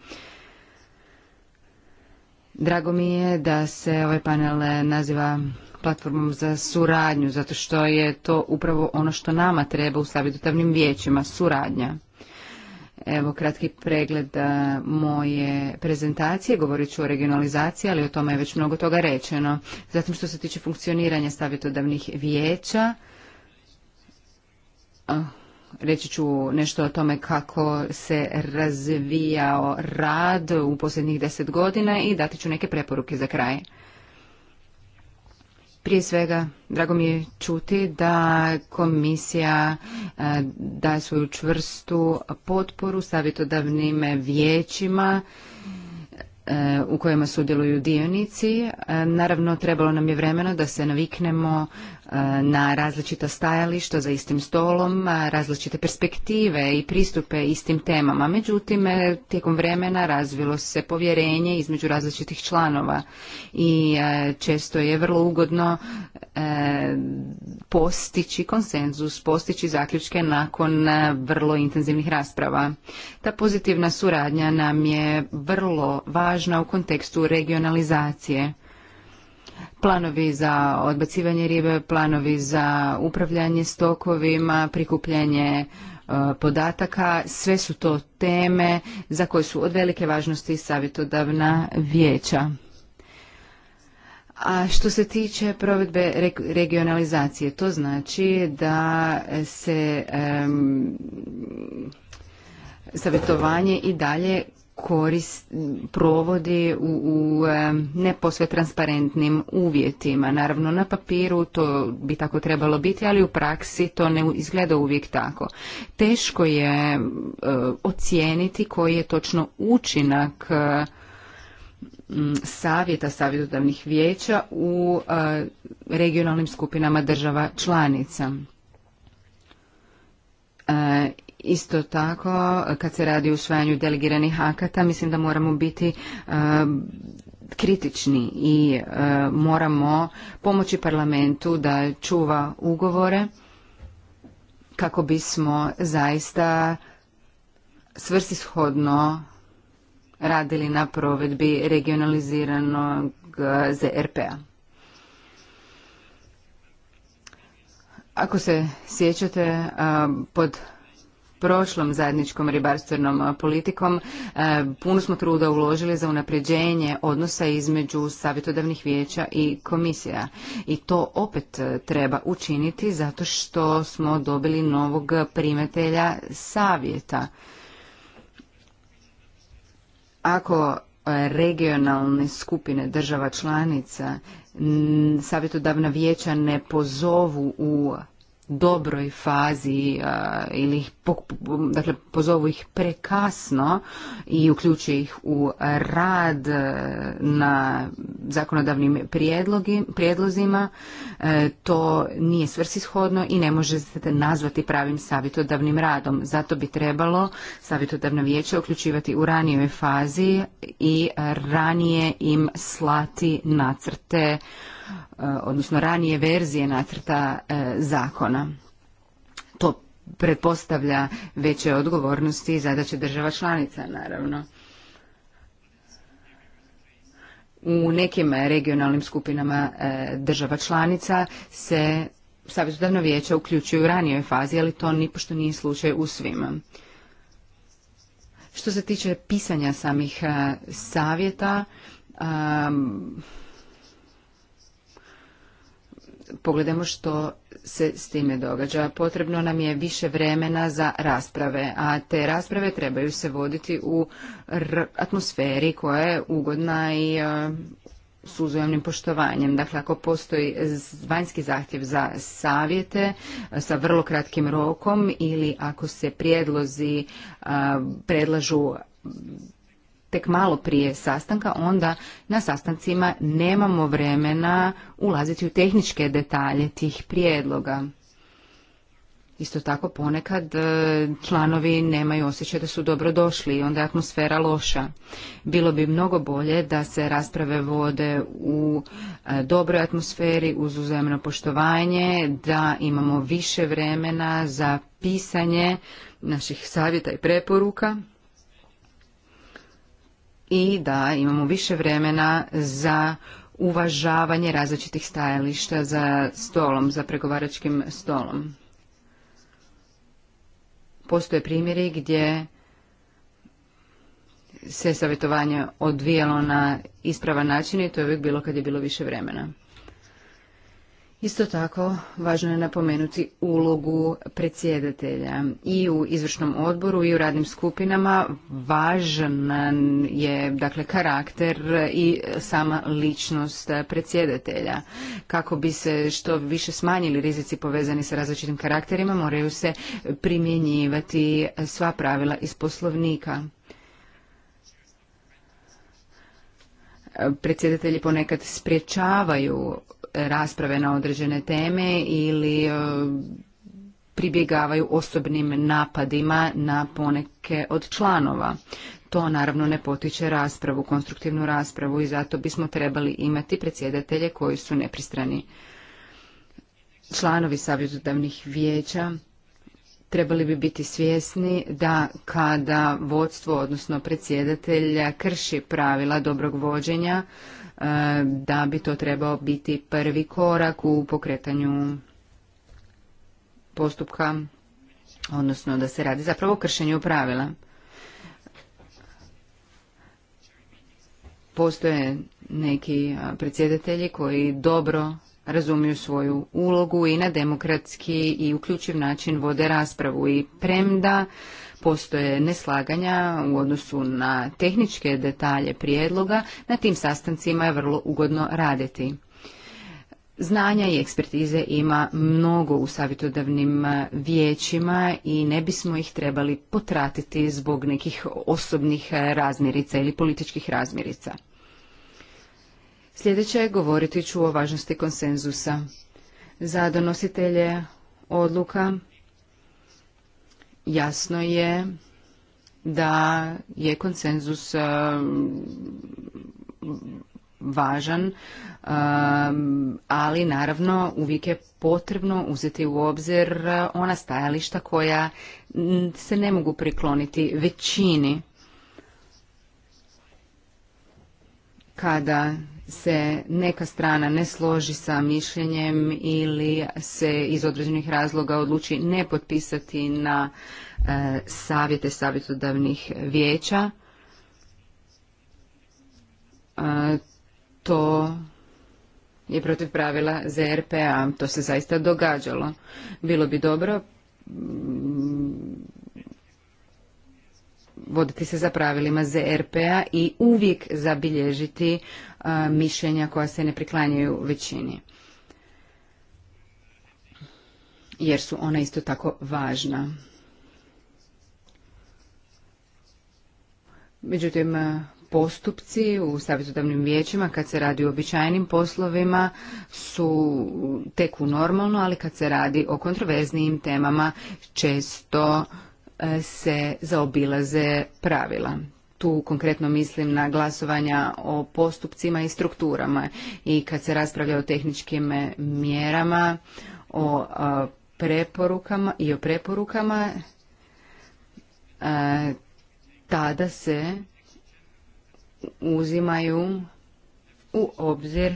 Drago mi je da se ovaj panel naziva platformom za suradnju, zato što je to upravo ono što nama treba u savjetodavnim vijećima, suradnja. Evo kratki pregled moje prezentacije, govorit ću o regionalizaciji, ali o tome je već mnogo toga rečeno. Zatim što se tiče funkcioniranja savjetodavnih vijeća, reći ću nešto o tome kako se razvijao rad u posljednjih deset godina i dati ću neke preporuke za kraj. Prije svega, drago mi je čuti da komisija e, daje svoju čvrstu potporu savjetodavnim vijećima E, u kojima sudjeluju dionici. E, naravno, trebalo nam je vremeno da se naviknemo e, na različita stajališta za istim stolom, različite perspektive i pristupe istim temama. Međutim, tijekom vremena razvilo se povjerenje između različitih članova i često je vrlo ugodno postići konsenzus, postići zaključke nakon vrlo intenzivnih rasprava. Ta pozitivna suradnja nam je vrlo važna važna u kontekstu regionalizacije. Planovi za odbacivanje ribe, planovi za upravljanje stokovima, prikupljanje e, podataka, sve su to teme za koje su od velike važnosti savjetodavna vijeća. A što se tiče provedbe regionalizacije, to znači da se savjetovanje i dalje korist, provodi u, u ne posve transparentnim uvjetima. Naravno na papiru to bi tako trebalo biti, ali u praksi to ne izgleda uvijek tako. Teško je ocijeniti koji je točno učinak savjeta savjetodavnih vijeća u regionalnim skupinama država članica Isto tako, kad se radi o usvajanju delegiranih akata, mislim da moramo biti e, kritični i e, moramo pomoći parlamentu da čuva ugovore kako bismo zaista svrsishodno radili na provedbi regionaliziranog e, ZRP-a. Ako se sjećate, pod prošlom zajedničkom ribarstvenom politikom e, puno smo truda uložili za unapređenje odnosa između savjetodavnih vijeća i komisija. I to opet e, treba učiniti zato što smo dobili novog primatelja savjeta. Ako e, regionalne skupine država članica savjetodavna vijeća ne pozovu u dobroj fazi eh, ili ih dakle, pozovu ih prekasno i uključuje ih u rad eh, na zakonodavnim prijedlozima, eh, to nije svrsishodno i ne može se nazvati pravim savjetodavnim radom. Zato bi trebalo savjetodavna vijeća uključivati u ranijoj fazi i ranije im slati nacrte E, odnosno ranije verzije nacrta e, zakona. To pretpostavlja veće odgovornosti i zadaće država članica, naravno. U nekim regionalnim skupinama e, država članica se savjetodavno vijeća uključuju u ranijoj fazi, ali to nipošto nije slučaj u svima. Što se tiče pisanja samih savjeta, pogledamo što se s time događa. Potrebno nam je više vremena za rasprave, a te rasprave trebaju se voditi u atmosferi koja je ugodna i e, s uzajemnim poštovanjem. Dakle, ako postoji vanjski zahtjev za savjete e, sa vrlo kratkim rokom ili ako se prijedlozi e, predlažu tek malo prije sastanka, onda na sastancima nemamo vremena ulaziti u tehničke detalje tih prijedloga. Isto tako ponekad e, članovi nemaju osjećaj da su dobro došli i onda je atmosfera loša. Bilo bi mnogo bolje da se rasprave vode u e, dobroj atmosferi, uz uzemno poštovanje, da imamo više vremena za pisanje naših savjeta i preporuka i da imamo više vremena za uvažavanje različitih stajališta za stolom, za pregovaračkim stolom. Postoje primjeri gdje se savjetovanje odvijalo na ispravan način i to je uvijek bilo kad je bilo više vremena. Isto tako, važno je napomenuti ulogu predsjedatelja. I u izvršnom odboru i u radnim skupinama važan je dakle, karakter i sama ličnost predsjedatelja. Kako bi se što više smanjili rizici povezani sa različitim karakterima, moraju se primjenjivati sva pravila iz poslovnika. Predsjedatelji ponekad sprječavaju rasprave na određene teme ili e, pribjegavaju osobnim napadima na poneke od članova. To naravno ne potiče raspravu, konstruktivnu raspravu i zato bismo trebali imati predsjedatelje koji su nepristrani. Članovi savjetodavnih vijeća trebali bi biti svjesni da kada vodstvo, odnosno predsjedatelj, krši pravila dobrog vođenja, da bi to trebao biti prvi korak u pokretanju postupka, odnosno da se radi zapravo o kršenju pravila. Postoje neki predsjedatelji koji dobro razumiju svoju ulogu i na demokratski i uključiv način vode raspravu i premda Postoje neslaganja u odnosu na tehničke detalje prijedloga, na tim sastancima je vrlo ugodno raditi. Znanja i ekspertize ima mnogo u savjetodavnim e, vijećima i ne bismo ih trebali potratiti zbog nekih osobnih e, razmirica ili političkih razmirica. Sljedeće govoriti ću o važnosti konsenzusa. Za donositelje odluka jasno je da je konsenzus e, važan, e, ali naravno uvijek je potrebno uzeti u obzir ona stajališta koja se ne mogu prikloniti većini kada se neka strana ne složi sa mišljenjem ili se iz određenih razloga odluči ne potpisati na e, savjete savjetodavnih vijeća e, to je protiv pravila ZRPA to se zaista događalo bilo bi dobro mm, voditi se za pravilima ZRP-a i uvijek zabilježiti mišljenja koja se ne priklanjaju većini. Jer su ona isto tako važna. Međutim, postupci u savjetodavnim vijećima kad se radi o običajnim poslovima su teku normalno, ali kad se radi o kontroverznijim temama često e, se zaobilaze pravila tu konkretno mislim na glasovanja o postupcima i strukturama i kad se raspravlja o tehničkim mjerama, o preporukama i o preporukama, tada se uzimaju u obzir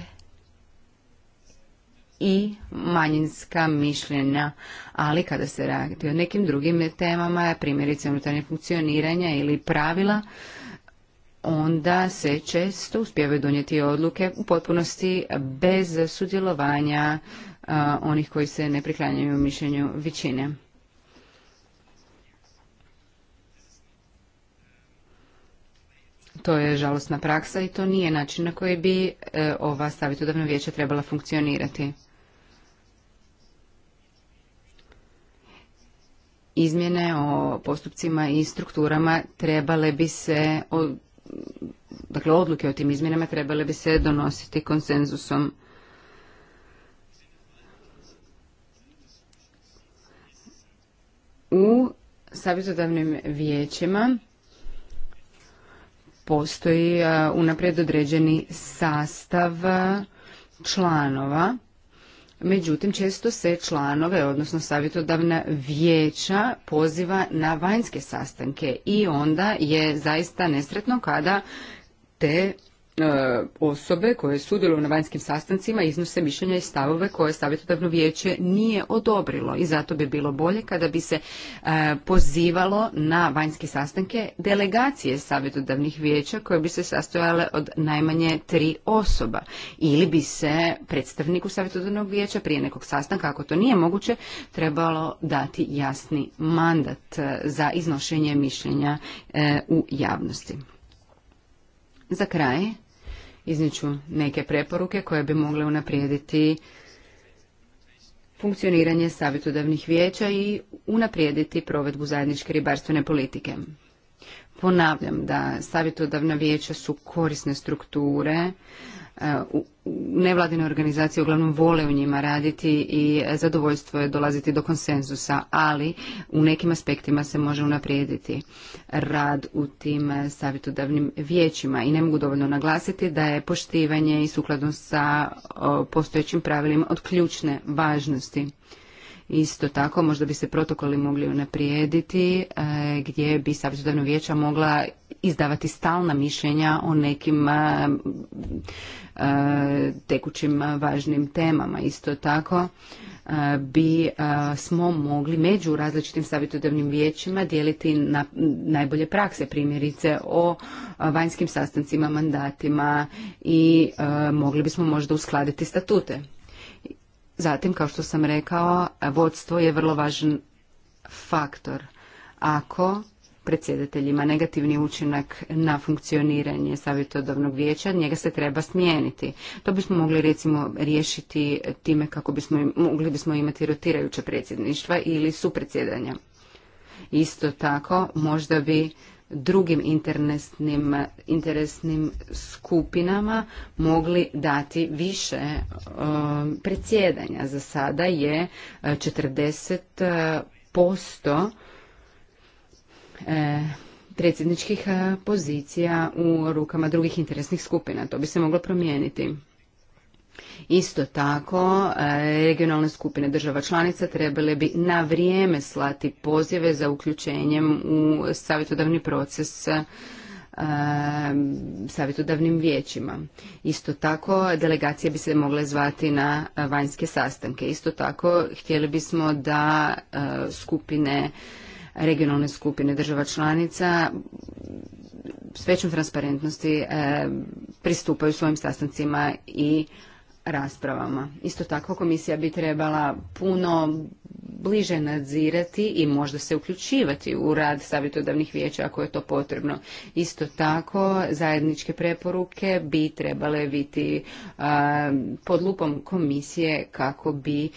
i manjinska mišljenja, ali kada se radi o nekim drugim temama, primjerice unutarnje funkcioniranja ili pravila, onda se često uspjevaju donijeti odluke u potpunosti bez sudjelovanja onih koji se ne priklanjaju mišljenju većine. To je žalostna praksa i to nije način na koji bi e, ova savjetodavna vijeća trebala funkcionirati. Izmjene o postupcima i strukturama trebale bi se, dakle odluke o tim izmjenama trebale bi se donositi konsenzusom. U savjetodavnim vijećima postoji e, unaprijed određeni sastav e, članova. Međutim, često se članove, odnosno savjetodavna vijeća, poziva na vanjske sastanke i onda je zaista nesretno kada te E, osobe koje sudjeluju na vanjskim sastancima iznose mišljenja i stavove koje savjetodavno vijeće nije odobrilo i zato bi bilo bolje kada bi se e, pozivalo na vanjske sastanke delegacije savjetodavnih vijeća koje bi se sastojale od najmanje tri osoba ili bi se predstavniku savjetodavnog vijeća prije nekog sastanka ako to nije moguće trebalo dati jasni mandat e, za iznošenje mišljenja u javnosti. Za kraj izniču neke preporuke koje bi mogle unaprijediti funkcioniranje savjetodavnih vijeća i unaprijediti provedbu zajedničke ribarstvene politike. Ponavljam da savjetodavna vijeća su korisne strukture E, nevladine organizacije uglavnom vole u njima raditi i e, zadovoljstvo je dolaziti do konsenzusa, ali u nekim aspektima se može unaprijediti rad u tim e, savjetodavnim vijećima i ne mogu dovoljno naglasiti da je poštivanje i sukladnost sa postojećim pravilima od ključne važnosti. Isto tako možda bi se protokoli mogli unaprijediti e, gdje bi savjetodavna vijeća mogla izdavati stalna mišljenja o nekim e, e, tekućim važnim temama. Isto tako bi smo mogli među različitim savjetodavnim vijećima dijeliti na najbolje prakse, primjerice o vanjskim sastancima, mandatima i mogli bismo možda uskladiti statute. Zatim, kao što sam rekao, vodstvo je vrlo važan faktor. Ako predsjedatelj ima negativni učinak na funkcioniranje savjetodavnog vijeća, njega se treba smijeniti. To bismo mogli recimo riješiti time kako bismo mogli bismo imati rotirajuće predsjedništva ili supredsjedanja. Isto tako, možda bi drugim interesnim, interesnim skupinama mogli dati više e, predsjedanja. Za sada je 40% e, e, predsjedničkih pozicija u rukama drugih interesnih skupina. To bi se moglo promijeniti. Isto tako, e, regionalne skupine država članica trebale bi na vrijeme slati pozive za uključenjem u savjetodavni proces e, savjetodavnim vijećima. Isto tako, delegacije bi se mogle zvati na vanjske sastanke. Isto tako, htjeli bismo da e, skupine regionalne skupine država članica s većom transparentnosti pristupaju svojim sastancima i raspravama. Isto tako komisija bi trebala puno bliže nadzirati i možda se uključivati u rad savjetodavnih vijeća ako je to potrebno. Isto tako zajedničke preporuke bi trebale biti pod lupom komisije kako bi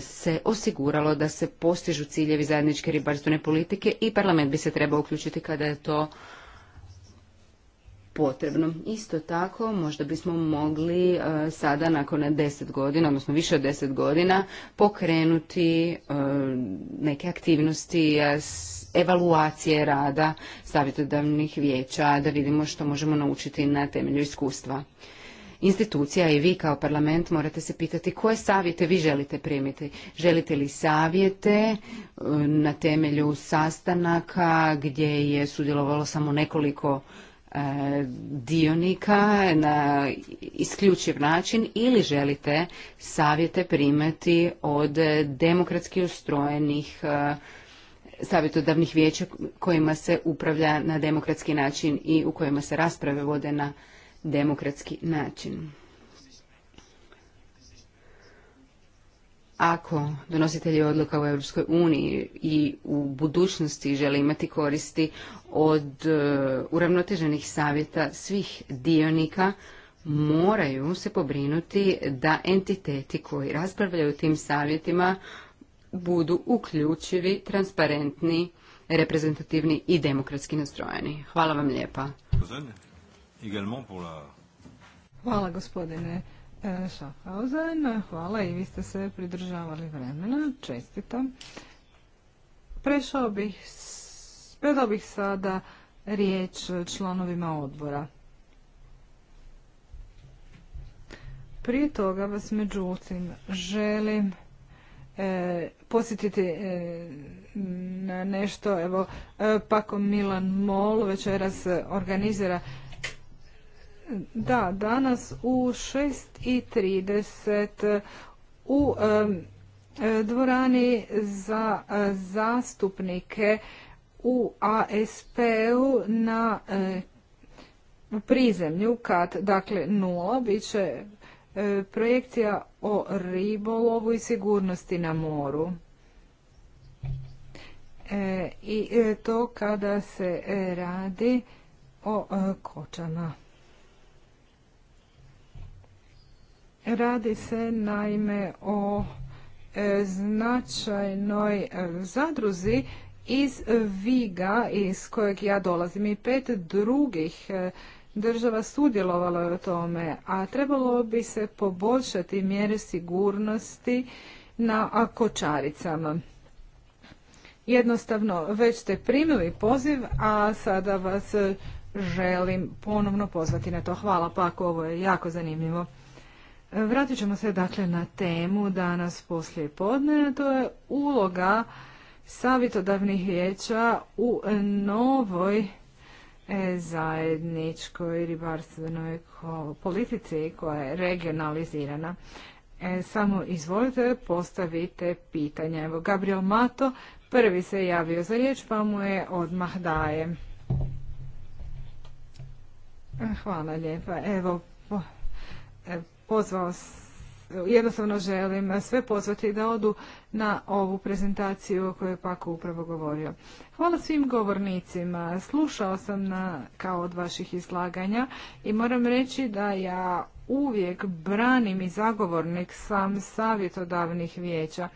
se osiguralo da se postižu ciljevi zajedničke ribarstvene politike i parlament bi se trebao uključiti kada je to potrebno. Isto tako možda bismo mogli e, sada nakon deset godina, odnosno više od deset godina, pokrenuti e, neke aktivnosti e, evaluacije rada savjetodavnih vijeća, da vidimo što možemo naučiti na temelju iskustva. Institucija i vi kao parlament morate se pitati koje savjete vi želite primiti. Želite li savjete na temelju sastanaka gdje je sudjelovalo samo nekoliko E, dionika na isključiv način ili želite savjete primati od demokratski ustrojenih e, savjetodavnih vijeća kojima se upravlja na demokratski način i u kojima se rasprave vode na demokratski način. ako donositelji odluka u Europskoj uniji i u budućnosti žele imati koristi od e, uravnoteženih savjeta svih dionika, moraju se pobrinuti da entiteti koji raspravljaju tim savjetima budu uključivi, transparentni, reprezentativni i demokratski nastrojeni. Hvala vam lijepa. Hvala gospodine E, hvala i vi ste se pridržavali vremena. Čestitam. Prešao bih, predao bih sada riječ članovima odbora. Prije toga vas međutim želim e, posjetiti e, na nešto. Evo, e, Pako Milan Mol večeras organizira da, danas u 6.30 u dvorani za e, zastupnike u ASP-u na e, prizemlju kad dakle nula bit će e, projekcija o ribolovu i sigurnosti na moru. I to kada se radi o kočama. Radi se naime o e, značajnoj e, zadruzi iz Viga iz kojeg ja dolazim i pet drugih e, država sudjelovalo je u tome, a trebalo bi se poboljšati mjere sigurnosti na kočaricama. Jednostavno, već ste primili poziv, a sada vas želim ponovno pozvati na to. Hvala pak, ovo je jako zanimljivo. Vratit ćemo se dakle na temu danas poslije podne, a to je uloga savjetodavnih vijeća u novoj e, zajedničkoj ribarstvenoj politici koja je regionalizirana. E, samo izvolite, postavite pitanje. Evo, Gabriel Mato prvi se javio za riječ, pa mu je odmah daje. E, hvala lijepa. Evo, pozvao, jednostavno želim sve pozvati da odu na ovu prezentaciju o kojoj je Pako upravo govorio. Hvala svim govornicima. Slušao sam kao od vaših izlaganja i moram reći da ja uvijek branim i zagovornik sam savjetodavnih vijeća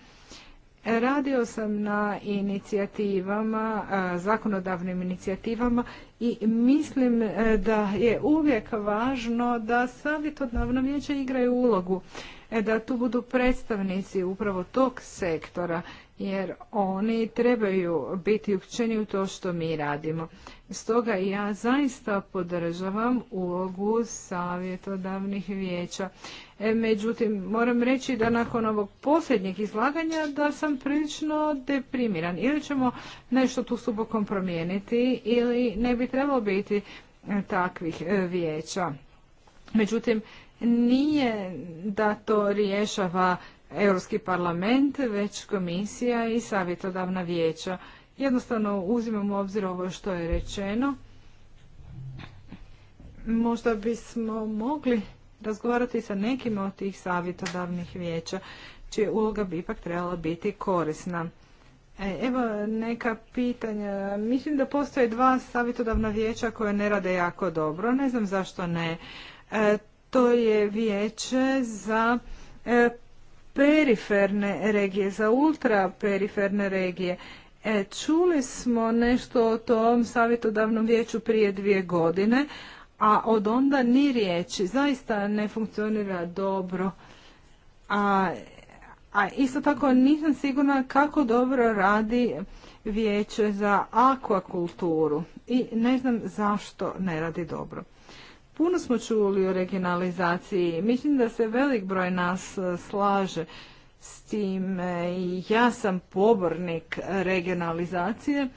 Radio sam na inicijativama, e, zakonodavnim inicijativama i mislim e, da je uvijek važno da savjetodavna vijeća igraju ulogu, e, da tu budu predstavnici upravo tog sektora jer oni trebaju biti uključeni u to što mi radimo. Stoga ja zaista podržavam ulogu savjetodavnih vijeća. E, međutim, moram reći da nakon ovog posljednjeg izlaganja da sam prilično deprimiran. Ili ćemo nešto tu subokom promijeniti ili ne bi trebalo biti e, takvih e, vijeća. Međutim, nije da to rješava Europski parlament, već komisija i savjetodavna vijeća. Jednostavno uzimamo u obzir ovo što je rečeno. Možda bismo mogli razgovarati sa nekim od tih savjetodavnih vijeća, čija uloga bi ipak trebala biti korisna. E, evo neka pitanja. Mislim da postoje dva savjetodavna vijeća koje ne rade jako dobro. Ne znam zašto ne. E, to je vijeće za e, periferne regije, za ultraperiferne regije. E, čuli smo nešto o tom savjetodavnom vijeću prije dvije godine, a od onda ni riječi. Zaista ne funkcionira dobro. A, a isto tako nisam sigurna kako dobro radi vijeće za akvakulturu i ne znam zašto ne radi dobro. Puno smo čuli o regionalizaciji. Mislim da se velik broj nas e, slaže s tim. E, ja sam pobornik regionalizacije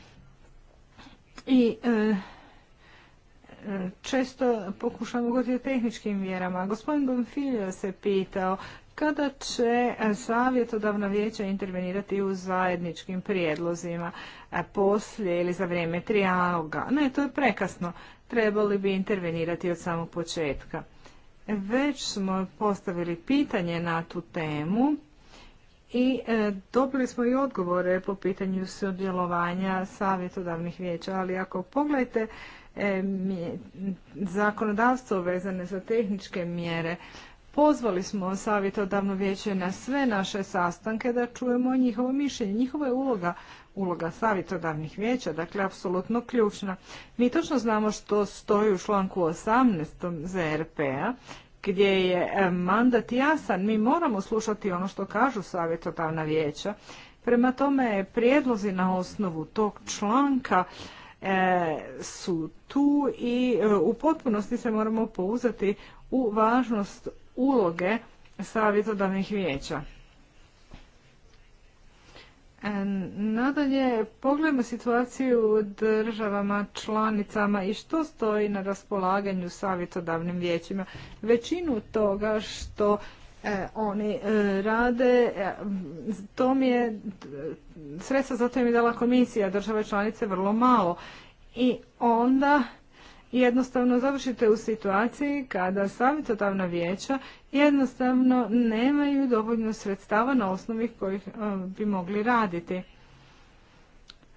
i e, često pokušamo govoriti o tehničkim vjerama. Gospodin Bonfilio se pitao kada će savjetodavna vijeća intervenirati u zajedničkim prijedlozima poslije ili za vrijeme trijaloga. Ne, to je prekasno trebali bi intervenirati od samog početka. Već smo postavili pitanje na tu temu i e, dobili smo i odgovore po pitanju sudjelovanja savjetodavnih vijeća, ali ako pogledajte e, zakonodavstvo vezane za tehničke mjere, Pozvali smo savjetodavno vijeće na sve naše sastanke da čujemo njihovo mišljenje. Njihova je uloga uloga savjetodavnih vijeća, dakle, apsolutno ključna. Mi točno znamo što stoji u članku 18. ZRP-a, gdje je e, mandat jasan. Mi moramo slušati ono što kažu savjetodavna vijeća. Prema tome, prijedlozi na osnovu tog članka e, su tu i e, u potpunosti se moramo pouzati u važnost uloge savjetodavnih vijeća. Nadalje, pogledamo situaciju u državama članicama i što stoji na raspolaganju savjetodavnim vijećima. Većinu toga što e, oni e, rade, e, to mi je, sredstva za to im je dala komisija, države članice vrlo malo. I onda jednostavno završite u situaciji kada savjetodavna vijeća jednostavno nemaju dovoljno sredstava na osnovi kojih e, bi mogli raditi.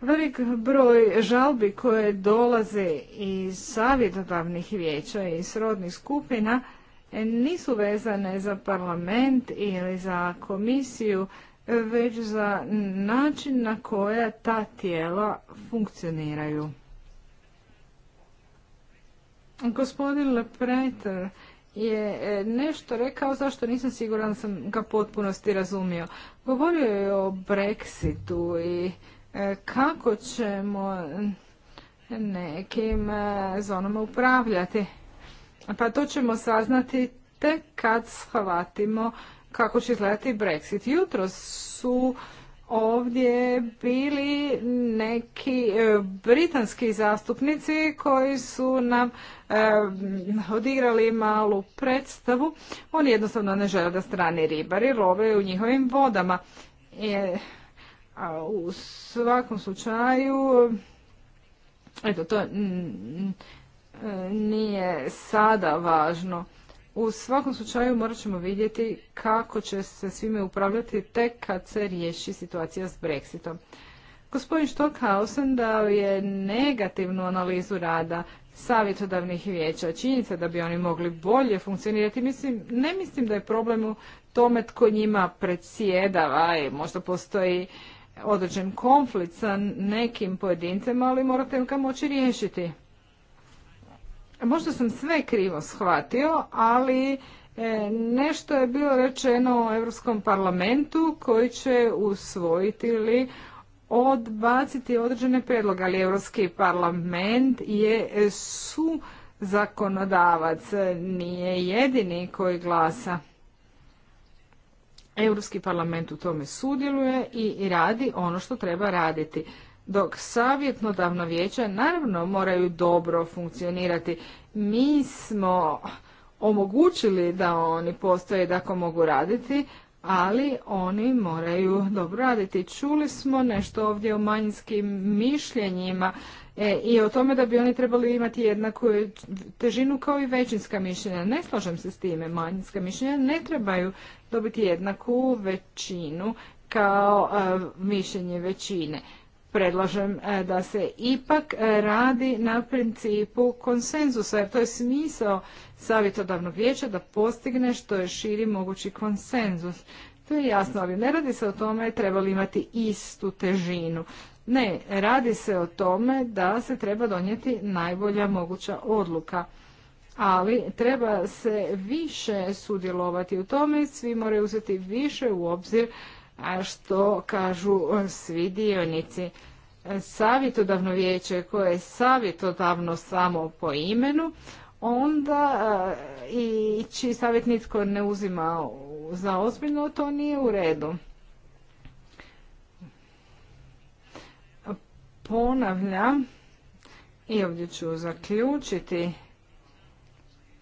Velik broj žalbi koje dolaze iz savjetodavnih vijeća i srodnih skupina e, nisu vezane za parlament ili za komisiju, već za način na koja ta tijela funkcioniraju. Gospodin Lepreter je e, nešto rekao zašto nisam siguran sam ga potpunosti razumio. Govorio je o Brexitu i e, kako ćemo nekim e, zonama upravljati. Pa to ćemo saznati tek kad shvatimo kako će izgledati Brexit. Jutro su ovdje bili neki e, britanski zastupnici koji su nam e, odigrali malu predstavu. Oni jednostavno ne žele da strani ribari love u njihovim vodama. E, u svakom slučaju, eto to nije sada važno. U svakom slučaju morat ćemo vidjeti kako će se svime upravljati tek kad se riješi situacija s Brexitom. Gospodin Stockhausen dao je negativnu analizu rada savjetodavnih vijeća. Činjenica da bi oni mogli bolje funkcionirati, mislim, ne mislim da je problem u tome tko njima predsjedava i možda postoji određen konflikt sa nekim pojedincem, ali morate ga moći riješiti. Možda sam sve krivo shvatio, ali e, nešto je bilo rečeno o Europskom parlamentu koji će usvojiti ili odbaciti određene predloge, ali Europski parlament je su zakonodavac, nije jedini koji glasa. Europski parlament u tome sudjeluje i radi ono što treba raditi dok savjetnodavna vijeća naravno moraju dobro funkcionirati. Mi smo omogućili da oni postoje da ako mogu raditi, ali oni moraju dobro raditi. Čuli smo nešto ovdje o manjinskim mišljenjima e, i o tome da bi oni trebali imati jednaku težinu kao i većinska mišljenja. Ne slažem se s time, manjinska mišljenja ne trebaju dobiti jednaku većinu kao e, mišljenje većine predlažem e, da se ipak e, radi na principu konsenzusa, jer to je smisao savjetodavnog vijeća da postigne što je širi mogući konsenzus. To je jasno, ali ne radi se o tome treba li imati istu težinu. Ne, radi se o tome da se treba donijeti najbolja moguća odluka. Ali treba se više sudjelovati u tome, svi moraju uzeti više u obzir a što kažu e, svi dionici. E, savjetodavno vijeće koje je savjetodavno samo po imenu, onda e, i čiji savjet nitko ne uzima za ozbiljno, to nije u redu. Ponavljam, i ovdje ću zaključiti,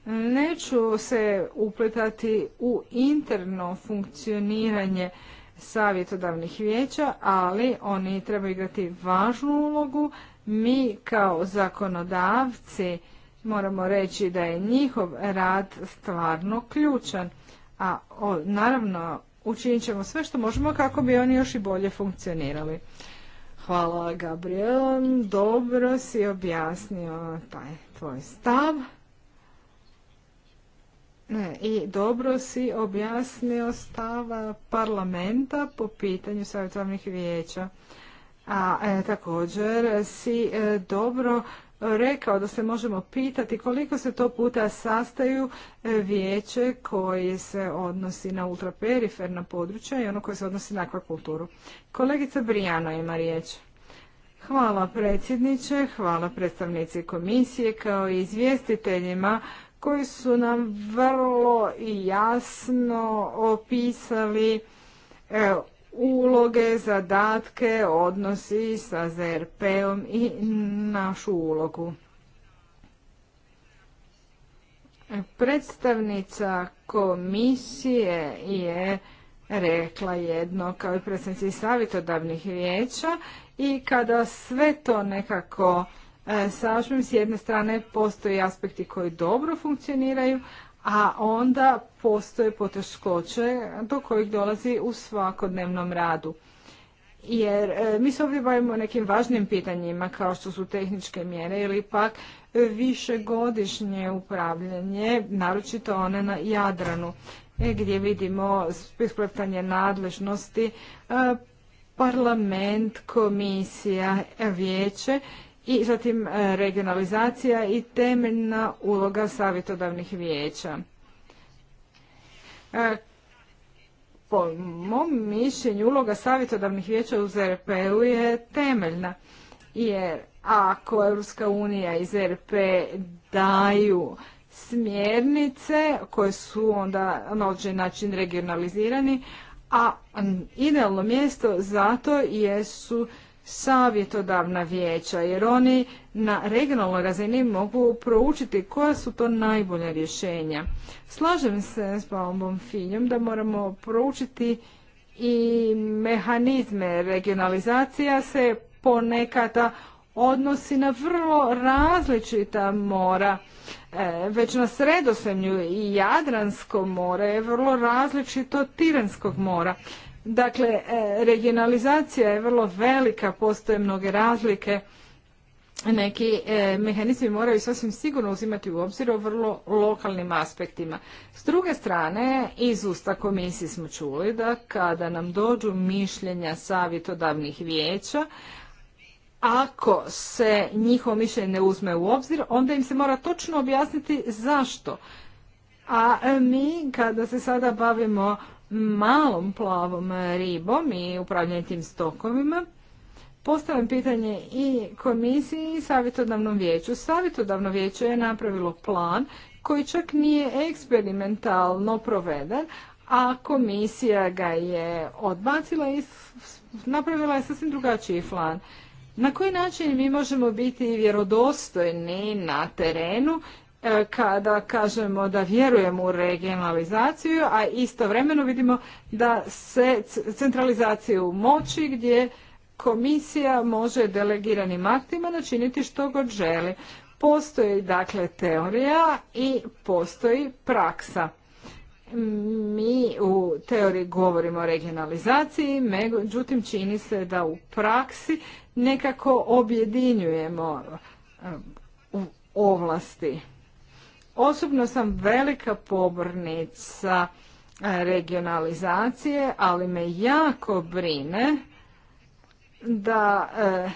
neću se upletati u interno funkcioniranje savjetodavnih vijeća, ali oni trebaju igrati važnu ulogu. Mi kao zakonodavci moramo reći da je njihov rad stvarno ključan, a naravno učinit ćemo sve što možemo kako bi oni još i bolje funkcionirali. Hvala Gabriel, dobro si objasnio taj tvoj stav i dobro si objasnio stava parlamenta po pitanju savjetovnih vijeća. A e, također si e, dobro rekao da se možemo pitati koliko se to puta sastaju e, vijeće koje se odnosi na ultraperiferna područja i ono koje se odnosi na akvakulturu. Kolegica Brijano ima riječ. Hvala predsjedniče, hvala predstavnici komisije kao i izvjestiteljima koji su nam vrlo jasno opisali e, uloge, zadatke, odnosi sa ZRP-om i našu ulogu. Predstavnica komisije je rekla jedno kao i predstavnici savjetodavnih vijeća i kada sve to nekako E, sažmem, s jedne strane postoje aspekti koji dobro funkcioniraju, a onda postoje poteškoće do kojih dolazi u svakodnevnom radu. Jer e, mi se ovdje bavimo nekim važnim pitanjima kao što su tehničke mjere ili pak višegodišnje upravljanje, naročito one na Jadranu, e, gdje vidimo isplatanje nadležnosti, parlament, komisija, vijeće i zatim e, regionalizacija i temeljna uloga savjetodavnih vijeća. E, po mom mišljenju uloga savjetodavnih vijeća u ZRP-u je temeljna jer ako Europska unija i ZRP daju smjernice koje su onda na određen način regionalizirani, a idealno mjesto zato jesu savjetodavna vijeća, jer oni na regionalnoj razini mogu proučiti koja su to najbolja rješenja. Slažem se s Paolom finjom da moramo proučiti i mehanizme regionalizacija se ponekada odnosi na vrlo različita mora. E, već na Sredosemlju i Jadransko more je vrlo različito Tiranskog mora. Dakle, e, regionalizacija je vrlo velika, postoje mnoge razlike. Neki e, mehanizmi moraju sasvim sigurno uzimati u obzir o vrlo lokalnim aspektima. S druge strane, iz usta komisije smo čuli da kada nam dođu mišljenja savjetodavnih vijeća, ako se njihovo mišljenje ne uzme u obzir, onda im se mora točno objasniti zašto. A e, mi kada se sada bavimo malom plavom ribom i upravljanje tim stokovima. Postavljam pitanje i komisiji i savjetodavnom vijeću. Savjetodavno vijeće je napravilo plan koji čak nije eksperimentalno proveden, a komisija ga je odbacila i napravila je sasvim drugačiji plan. Na koji način mi možemo biti vjerodostojni na terenu E, kada kažemo da vjerujemo u regionalizaciju, a istovremeno vidimo da se centralizaciju moći gdje komisija može delegiranim aktima načiniti što god želi. Postoji dakle teorija i postoji praksa. Mi u teoriji govorimo o regionalizaciji, međutim čini se da u praksi nekako objedinjujemo e, ovlasti. Osobno sam velika pobornica e, regionalizacije, ali me jako brine da e,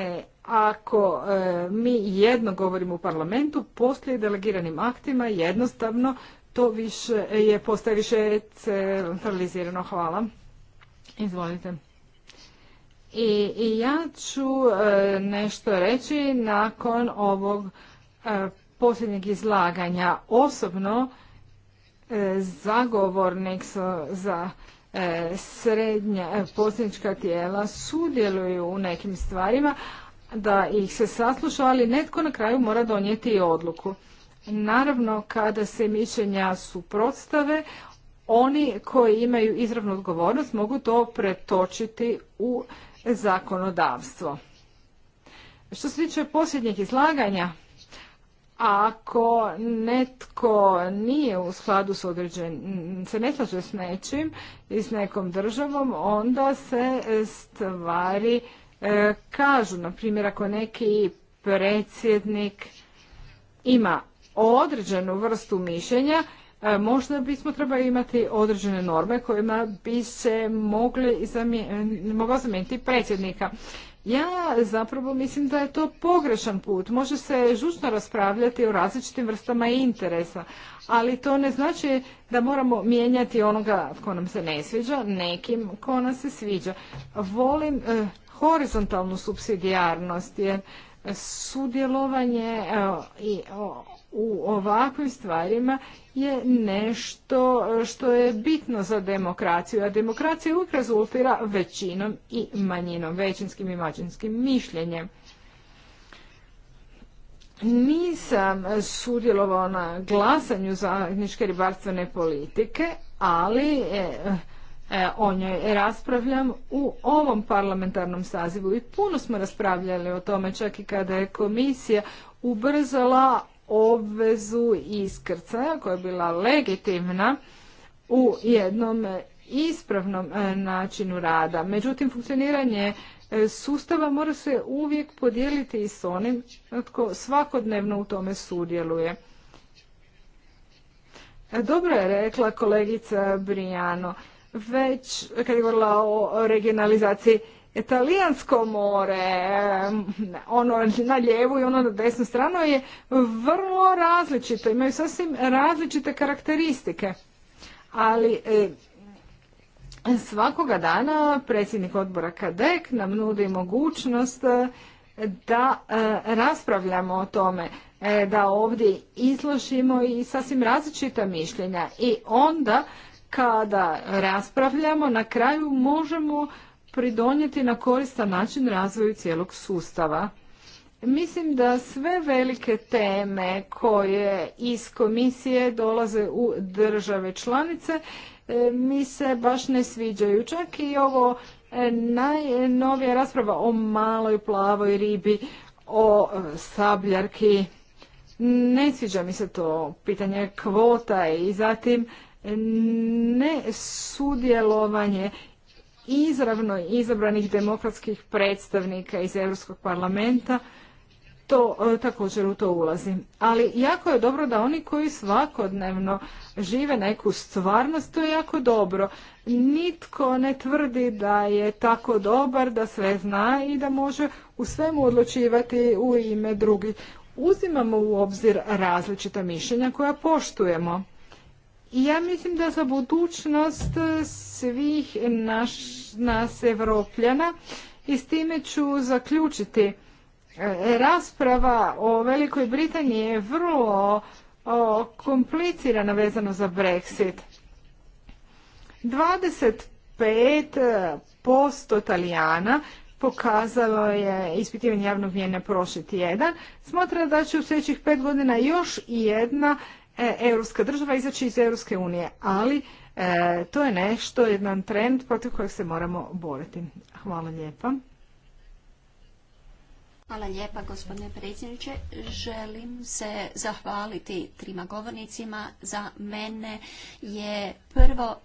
e, ako mi jedno govorimo u parlamentu, poslije delegiranim aktima jednostavno to više je postaje više centralizirano. Hvala. Izvolite. I, ja ću nešto reći nakon ovog posljednjeg izlaganja. Osobno e, zagovornik za e, srednja e, posrednička tijela sudjeluju u nekim stvarima da ih se sasluša, ali netko na kraju mora donijeti i odluku. Naravno, kada se mišljenja suprotstave, oni koji imaju izravnu odgovornost mogu to pretočiti u zakonodavstvo. Što se tiče posljednjeg izlaganja, ako netko nije u skladu s određenim, se ne slaže s nečim i s nekom državom, onda se stvari e, kažu. Na primjer, ako neki predsjednik ima određenu vrstu mišljenja, e, možda bismo trebali imati određene norme kojima bi se mogli zamijeniti predsjednika. Ja zapravo mislim da je to pogrešan put. Može se žučno raspravljati o različitim vrstama interesa, ali to ne znači da moramo mijenjati onoga ko nam se ne sviđa, nekim ko nam se sviđa. Volim eh, horizontalnu subsidijarnost jer sudjelovanje u ovakvim stvarima je nešto e, što je bitno za demokraciju, a demokracija uvijek rezultira većinom i manjinom, većinskim i mađinskim mišljenjem. Nisam sudjelovao na glasanju za zajedničke ribarstvene politike, ali e, E, o njoj raspravljam u ovom parlamentarnom sazivu i puno smo raspravljali o tome čak i kada je komisija ubrzala obvezu iskrcaja koja je bila legitimna u jednom ispravnom e, načinu rada. Međutim, funkcioniranje e, sustava mora se uvijek podijeliti i s onim tko svakodnevno u tome sudjeluje. Dobro je rekla kolegica Brijano već kad je govorila o regionalizaciji Italijansko more, ono na lijevu i ono na desnu stranu je vrlo različito, imaju sasvim različite karakteristike. Ali svakoga dana predsjednik odbora Kadek nam nudi mogućnost eh, da eh, raspravljamo o tome, eh, da ovdje izložimo i sasvim različita mišljenja i onda kada raspravljamo na kraju možemo pridonijeti na koristan način razvoju cijelog sustava. Mislim da sve velike teme koje iz komisije dolaze u države članice e, mi se baš ne sviđaju. Čak i ovo e, najnovija rasprava o maloj plavoj ribi, o e, sabljarki. Ne sviđa mi se to pitanje kvota i zatim ne sudjelovanje izravno izabranih demokratskih predstavnika iz Europskog parlamenta, to e, također u to ulazi. Ali jako je dobro da oni koji svakodnevno žive neku stvarnost, to je jako dobro. Nitko ne tvrdi da je tako dobar, da sve zna i da može u svemu odlučivati u ime drugih. Uzimamo u obzir različita mišljenja koja poštujemo. I ja mislim da za budućnost e, svih naš, nas Evropljana i s time ću zaključiti. E, rasprava o Velikoj Britaniji je vrlo o, komplicirana vezano za Brexit. 25% e, Talijana pokazalo je ispitivanje javnog mjenja prošli tjedan. Smatra da će u sljedećih pet godina još jedna E, europska država izaći iz Europske unije, ali e, to je nešto, jedan trend protiv kojeg se moramo boriti. Hvala lijepa. Hvala lijepa gospodine predsjedniče. Želim se zahvaliti trima govornicima. Za mene je prvo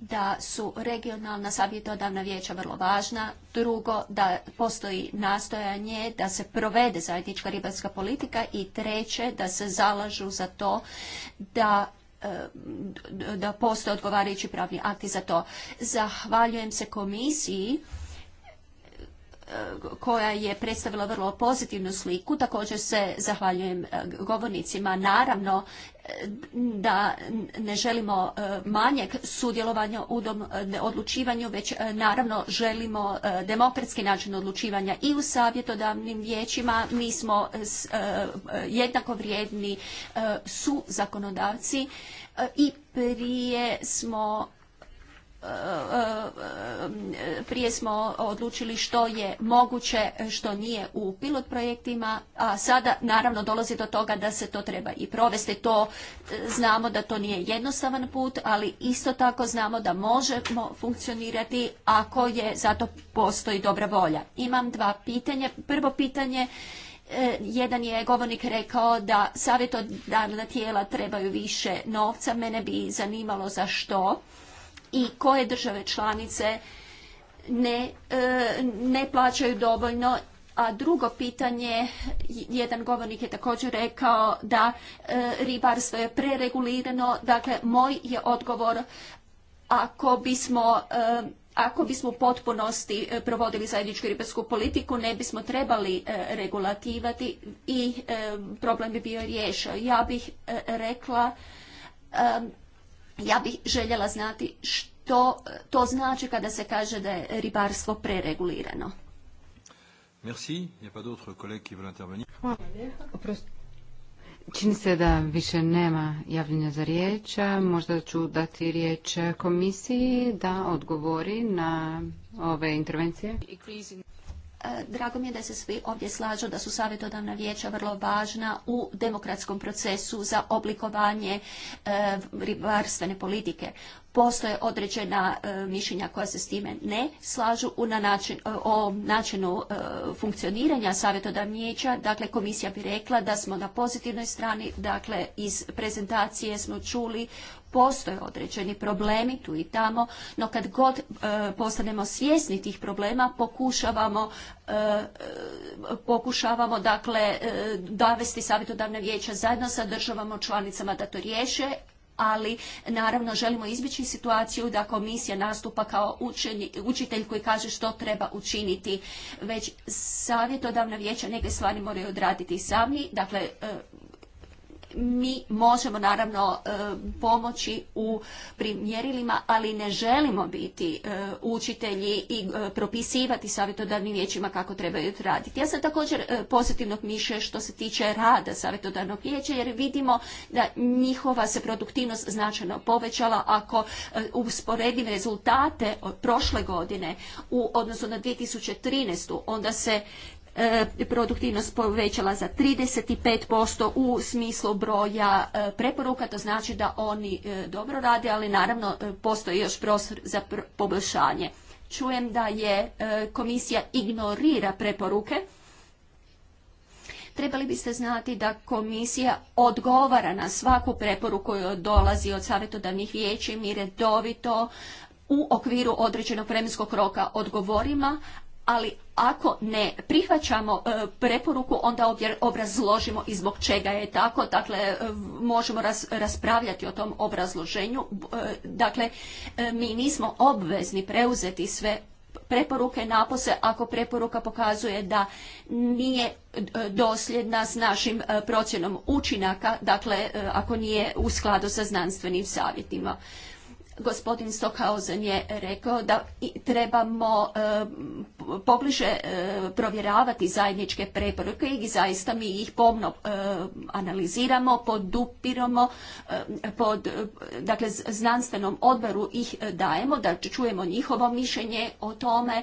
da su regionalna savjetodavna vijeća vrlo važna. Drugo, da postoji nastojanje da se provede zajednička ribarska politika. I treće, da se zalažu za to da e, da postoje odgovarajući pravni akti za to. Zahvaljujem se komisiji koja je predstavila vrlo pozitivnu sliku. Također se zahvaljujem e, govornicima. Naravno e, da ne želimo e, manjeg sudjelovanja u odlučivanju, već naravno želimo demokratski način odlučivanja i u savjetodavnim vijećima. Mi smo jednako vrijedni su zakonodavci i prije smo prije smo odlučili što je moguće, što nije u pilot projektima, a sada naravno dolazi do toga da se to treba i provesti. To e, znamo da to nije jednostavan put, ali isto tako znamo da možemo funkcionirati ako je zato postoji dobra volja. Imam dva pitanja. Prvo pitanje e, jedan je govornik rekao da savjetodavna tijela trebaju više novca. Mene bi zanimalo za što i koje države članice e, ne, plaćaju dovoljno a drugo pitanje, jedan govornik je također rekao da e, ribarstvo je preregulirano, dakle moj je odgovor ako bismo e, ako bismo u potpunosti provodili zajedničku ribarsku politiku, ne bismo trebali regulativati i problem bi bio riješen. Ja bih rekla ja bih željela znati što to znači kada se kaže da je ribarstvo preregulirano. Merci. Il d'autres collègues qui veulent intervenir. Hvala Čini se da više nema javljanja za riječ. Možda ću dati riječ komisiji da odgovori na ove intervencije. E, drago mi je da se svi ovdje slažu da su savjetodavna vijeća vrlo važna u demokratskom procesu za oblikovanje e, ribarstvene politike. Postoje određena e, mišljenja koja se s time ne slažu o načinu funkcioniranja savjetodavnih vijeća. Dakle, komisija bi rekla da smo na pozitivnoj strani. Dakle, iz prezentacije smo čuli Postoje određeni problemi tu i tamo, no kad god e, postanemo svjesni tih problema, pokušavamo, e, e, pokušavamo dakle, davesti savjetodavne vijeća zajedno sa državama članicama da to riješe, ali naravno želimo izbjeći situaciju da komisija nastupa kao učitelj koji kaže što treba učiniti, već savjetodavna vijeća neke stvari moraju odraditi sami, dakle mi možemo naravno e, pomoći u primjerilima, ali ne želimo biti e, učitelji i e, propisivati savjetodavnim vijećima kako trebaju raditi. Ja sam također pozitivnog mišlja što se tiče rada savjetodavnog vijeća jer vidimo da njihova se produktivnost značajno povećala ako usporedim rezultate od prošle godine u odnosu na 2013. onda se E, produktivnost povećala za 35% u smislu broja e, preporuka, to znači da oni e, dobro rade, ali naravno postoji još prostor za poboljšanje. Čujem da je komisija ignorira preporuke, trebali biste znati da komisija odgovara na svaku preporuku koja dolazi od savjetodavnih vijeća i mi redovito u okviru određenog vremenskog roka odgovorima, ali ako ne prihvaćamo e, preporuku onda obrazložimo i zbog čega je tako, dakle e, možemo raspravljati o tom obrazloženju, e, dakle mi nismo obvezni preuzeti sve preporuke napose ako preporuka pokazuje da nije dosljedna s našim procjenom učinaka, dakle ako nije u skladu sa znanstvenim savjetima. Gospodin Stockhausen je rekao da trebamo e, pobliže e, provjeravati zajedničke preporuke i zaista mi ih pomno e, analiziramo, podupiramo, pod, dakle znanstvenom odboru ih dajemo, da čujemo njihovo mišljenje o tome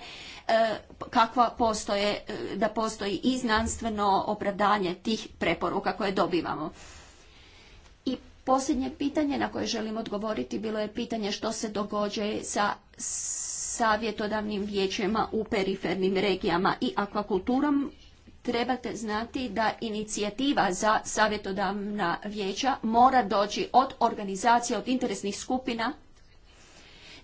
kakva postoje, da postoji i znanstveno opravdanje tih preporuka koje dobivamo. Posljednje pitanje na koje želim odgovoriti bilo je pitanje što se događa sa savjetodavnim vijećima u perifernim regijama i akvakulturom. Trebate znati da inicijativa za savjetodavna vijeća mora doći od organizacija, od interesnih skupina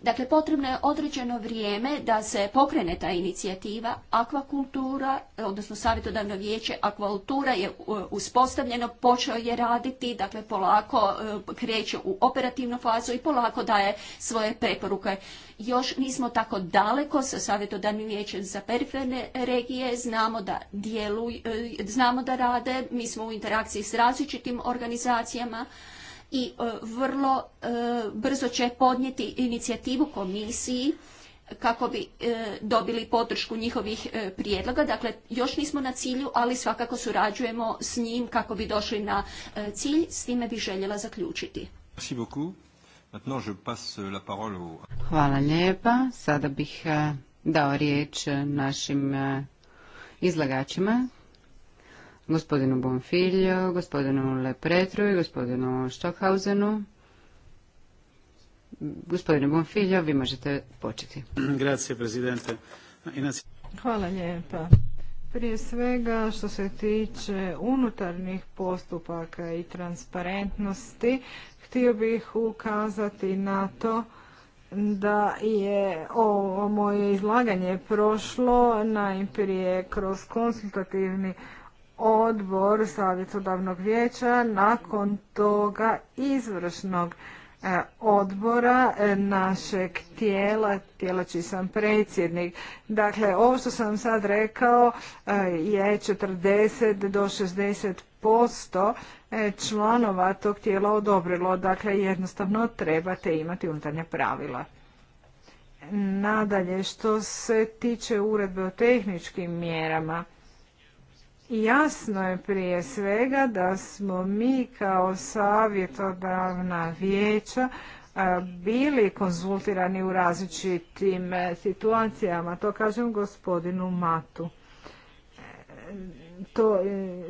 Dakle, potrebno je određeno vrijeme da se pokrene ta inicijativa. Akvakultura, odnosno savjetodavno vijeće, akvakultura je e, uspostavljeno, počeo je raditi, dakle polako e, kreće u operativnu fazu i polako daje svoje preporuke. Još nismo tako daleko sa savjetodavnim vijećem za periferne regije, znamo da djeluju, e, znamo da rade, mi smo u interakciji s različitim organizacijama, i e, vrlo e, brzo će podnijeti inicijativu komisiji kako bi e, dobili podršku njihovih prijedloga. Dakle, još nismo na cilju, ali svakako surađujemo s njim kako bi došli na cilj. S time bih željela zaključiti. Hvala lijepa. Sada bih dao riječ našim izlagačima gospodinu Bonfilju, gospodinu Lepretru i gospodinu Stockhausenu. Gospodine Bonfiljo, vi možete početi. Grazie, Hvala lijepa. Prije svega što se tiče unutarnjih postupaka i transparentnosti, htio bih ukazati na to da je ovo moje izlaganje prošlo najprije kroz konsultativni odbor savjetodavnog vijeća, nakon toga izvršnog e, odbora e, našeg tijela, tijela čiji sam predsjednik. Dakle, ovo što sam sad rekao e, je 40 do 60 posto članova tog tijela odobrilo. Dakle, jednostavno trebate imati unutarnja pravila. Nadalje, što se tiče uredbe o tehničkim mjerama, Jasno je prije svega da smo mi kao savjetodavna vijeća e, bili konzultirani u različitim e, situacijama. To kažem gospodinu Matu. E, to,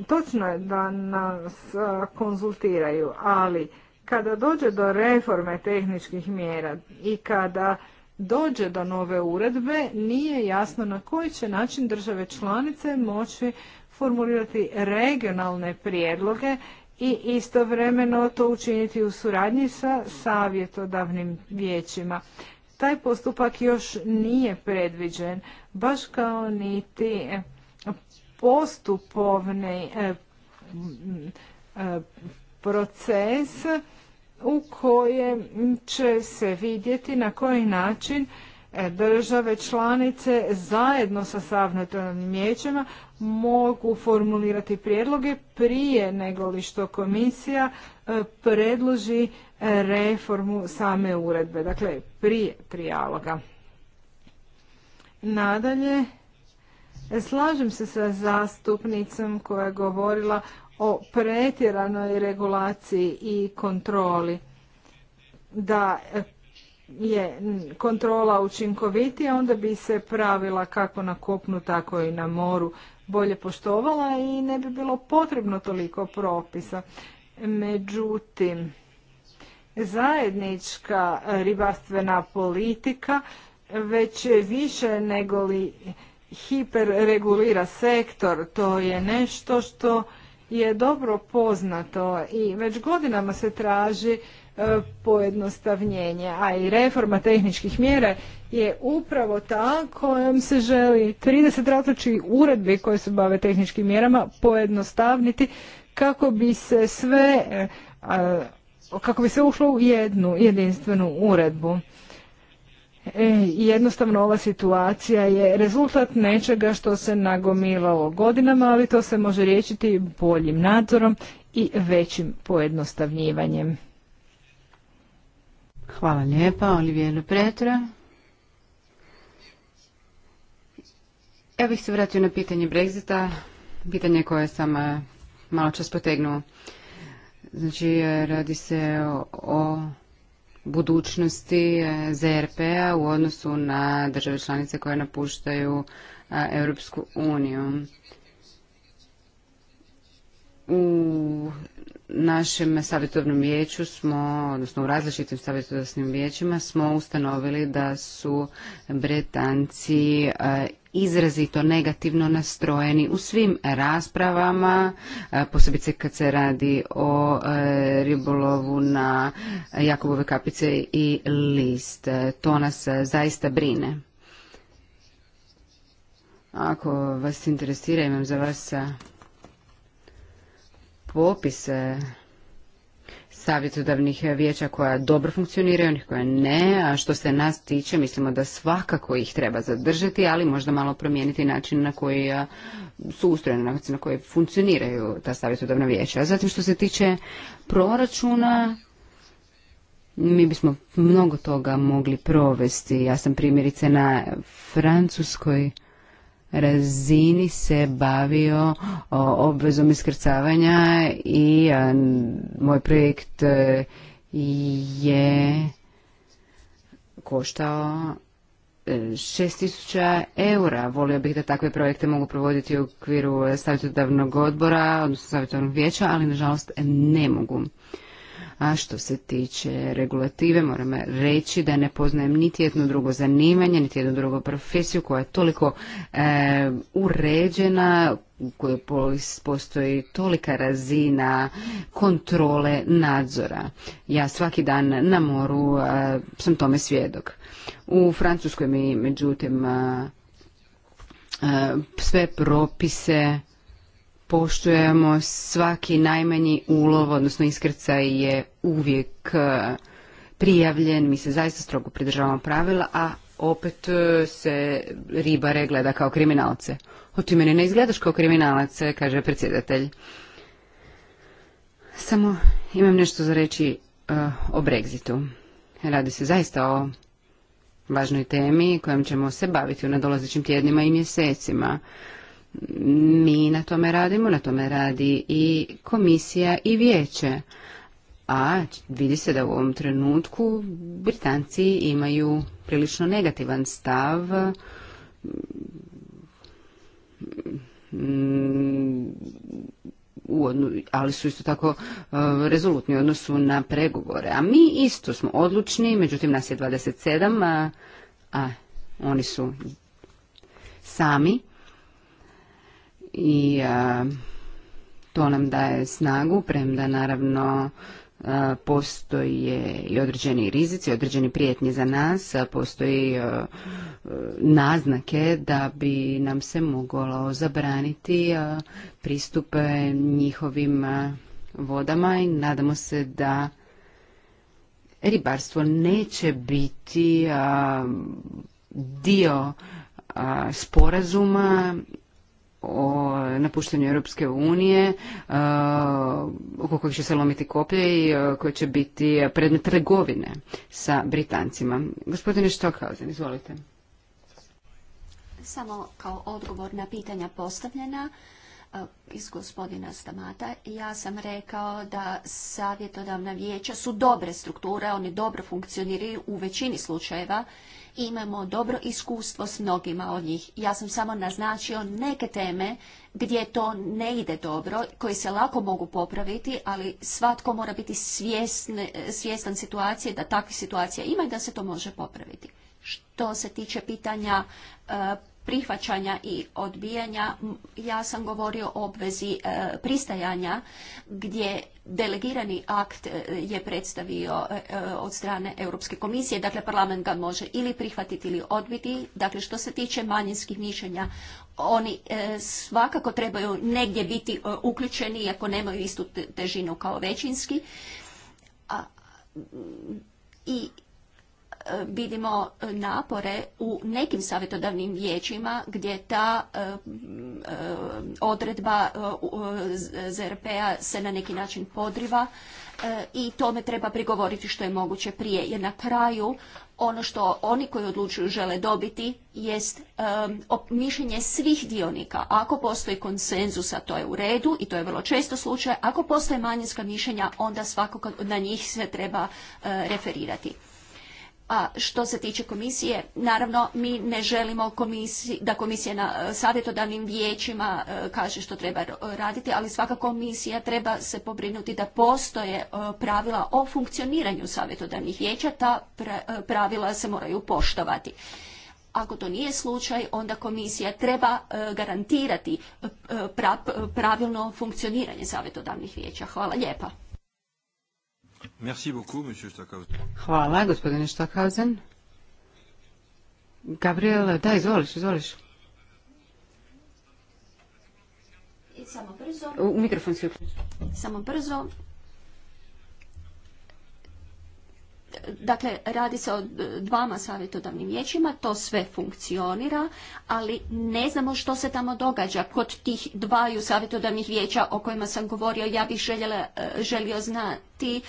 točno je da nas konzultiraju, ali kada dođe do reforme tehničkih mjera i kada dođe do nove uredbe, nije jasno na koji će način države članice moći formulirati regionalne prijedloge i istovremeno to učiniti u suradnji sa savjetodavnim vijećima. Taj postupak još nije predviđen, baš kao niti postupovni e, e, proces u kojem će se vidjeti na koji način e, države članice zajedno sa savjetodavnim vijećima mogu formulirati prijedloge prije nego što komisija e, predloži e, reformu same uredbe, dakle prije trijaloga. Nadalje, slažem se sa zastupnicom koja je govorila o pretjeranoj regulaciji i kontroli. Da e, je kontrola učinkovitija, onda bi se pravila kako na kopnu, tako i na moru bolje poštovala i ne bi bilo potrebno toliko propisa. Međutim, zajednička ribarstvena politika već više nego li hiperregulira sektor, to je nešto što je dobro poznato i već godinama se traži E, pojednostavnjenje, a i reforma tehničkih mjera je upravo ta kojom se želi 30 različitih uredbi koje se bave tehničkim mjerama pojednostavniti kako bi se sve e, kako bi se ušlo u jednu jedinstvenu uredbu. E, jednostavno ova situacija je rezultat nečega što se nagomilalo godinama, ali to se može riješiti boljim nadzorom i većim pojednostavnjivanjem. Hvala lijepa, Olivijeru Pretra. Ja bih se vratio na pitanje Brexita, pitanje koje sam eh, malo čas potegnuo. Znači, eh, radi se o budućnosti eh, ZRP-a u odnosu na države članice koje napuštaju Europsku uniju u našem savjetovnom vijeću smo, odnosno u različitim savjetovnim vijećima smo ustanovili da su Bretanci eh, izrazito negativno nastrojeni u svim raspravama, eh, posebice kad se radi o eh, ribolovu na Jakobove kapice i list. To nas zaista brine. Ako vas interesira, imam za vas popis savjetodavnih vijeća koja dobro funkcioniraju, onih koja ne, a što se nas tiče mislimo da svakako ih treba zadržati, ali možda malo promijeniti način na koji su ustrojeni, na koji funkcioniraju ta savjetodavna vijeća. A zatim što se tiče proračuna, mi bismo mnogo toga mogli provesti. Ja sam primjerice na Francuskoj razini se bavio obvezom iskrcavanja i moj projekt e, je koštao 6000 e, eura. Volio bih da takve projekte mogu provoditi u okviru e, savjetodavnog odbora, odnosno savjetodavnog vijeća, ali nažalost ne mogu. A što se tiče regulative, moram reći da ne poznajem niti jedno drugo zanimanje, niti jednu drugu profesiju koja je toliko e, uređena, u kojoj postoji tolika razina kontrole nadzora. Ja svaki dan na moru e, sam tome svjedok. U Francuskoj mi međutim e, sve propise poštujemo svaki najmanji ulov, odnosno iskrcaj je uvijek e, prijavljen, mi se zaista strogo pridržavamo pravila, a opet e, se ribare gleda kao kriminalce. O ti meni ne izgledaš kao kriminalac, e, kaže predsjedatelj. Samo imam nešto za reći o Brexitu. Radi se zaista o važnoj temi kojom ćemo se baviti u nadolazećim tjednima i mjesecima. Mi na tome radimo, na tome radi i komisija i vijeće. A vidi se da u ovom trenutku Britanci imaju prilično negativan stav ali su isto tako e, rezolutni u odnosu na pregovore. A mi isto smo odlučni, međutim nas je 27, a oni su sami i to nam daje snagu, premda naravno postoje i određeni rizici, određeni prijetnje za nas, a postoji naznake da bi nam se moglo zabraniti pristup njihovim vodama i nadamo se da ribarstvo neće biti dio sporazuma o napuštanju Europske unije e, oko kojeg će se lomiti koplje i e, koje će biti predmet trgovine sa Britancima. Gospodine Stockhausen, izvolite. Samo kao odgovor na pitanja postavljena e, iz gospodina Stamata. Ja sam rekao da savjetodavna vijeća su dobre strukture, oni dobro funkcioniraju u većini slučajeva imamo dobro iskustvo s mnogima od njih. Ja sam samo naznačio neke teme gdje to ne ide dobro, koje se lako mogu popraviti, ali svatko mora biti svjestan situacije da takvih situacija ima i da se to može popraviti. Što se tiče pitanja e, prihvaćanja i odbijanja, ja sam govorio o obvezi e, pristajanja gdje delegirani akt e, je predstavio e, e, od strane Europske komisije, dakle parlament ga može ili prihvatiti ili odbiti. Dakle, što se tiče manjinskih mišljenja, oni svakako trebaju negdje biti uključeni, iako nemaju istu težinu kao većinski. I E, vidimo e, napore u nekim savjetodavnim vijećima gdje ta e, odredba ZRP-a se na neki način podriva i tome treba prigovoriti što je moguće prije. Jer na kraju ono što oni koji odlučuju žele dobiti jest mišljenje svih dionika. Ako postoji a to je u redu i to je vrlo često slučaj. Ako postoje manjinska mišljenja, onda svakako na njih se treba referirati. A što se tiče komisije, naravno mi ne želimo da komisija na e, savjetodavnim vijećima e, kaže što treba raditi, ali svaka komisija treba se pobrinuti da postoje e, pravila o funkcioniranju savjetodavnih vijeća, ta pravila se moraju poštovati. Ako to nije slučaj, onda komisija treba garantirati pravilno funkcioniranje savjetodavnih vijeća. Hvala lijepa. Hvala, gospodine Gabriel, da, izvoliš, izvoliš. Samo brzo. mikrofon Samo brzo. Dakle, radi se o dvama savjetodavnim vijećima, to sve funkcionira, ali ne znamo što se tamo događa kod tih dvaju savjetodavnih vijeća o kojima sam govorio. Ja bih željela, e, želio znati. E,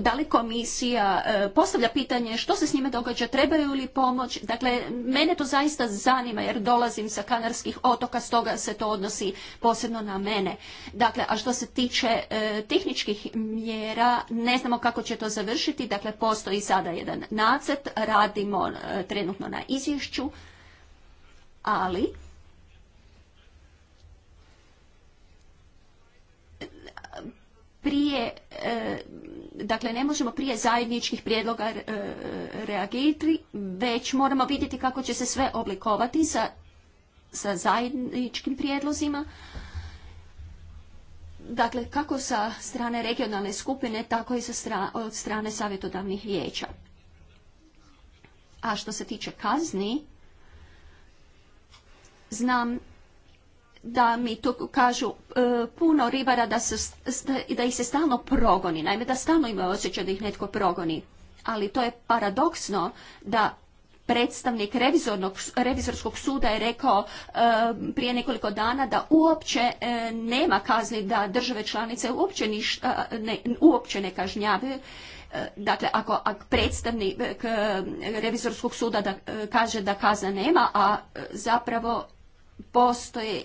da li komisija e, postavlja pitanje što se s njime događa, trebaju li pomoć. Dakle, mene to zaista zanima jer dolazim sa Kanarskih otoka, stoga se to odnosi posebno na mene. Dakle, a što se tiče e, tehničkih mjera, ne znamo kako će to završiti. Dakle, postoji sada jedan nacrt, radimo trenutno na izvješću, ali prije, e, dakle ne možemo prije zajedničkih prijedloga e, reagirati, već moramo vidjeti kako će se sve oblikovati sa, zajedničkim prijedlozima. Dakle, kako sa strane regionalne skupine, tako i sa od strane savjetodavnih vijeća. A što se tiče kazni, znam da mi tu kažu e, puno ribara da, da ih se stalno progoni, naime da stalno imaju osjećaj da ih netko progoni. Ali to je paradoksno da predstavnik revizorskog suda je rekao e, prije nekoliko dana da uopće e, nema kazni da države članice uopće, ne, uopće ne kažnjavaju dakle ako, predstavnik revizorskog suda kaže da kazna nema, a zapravo postoje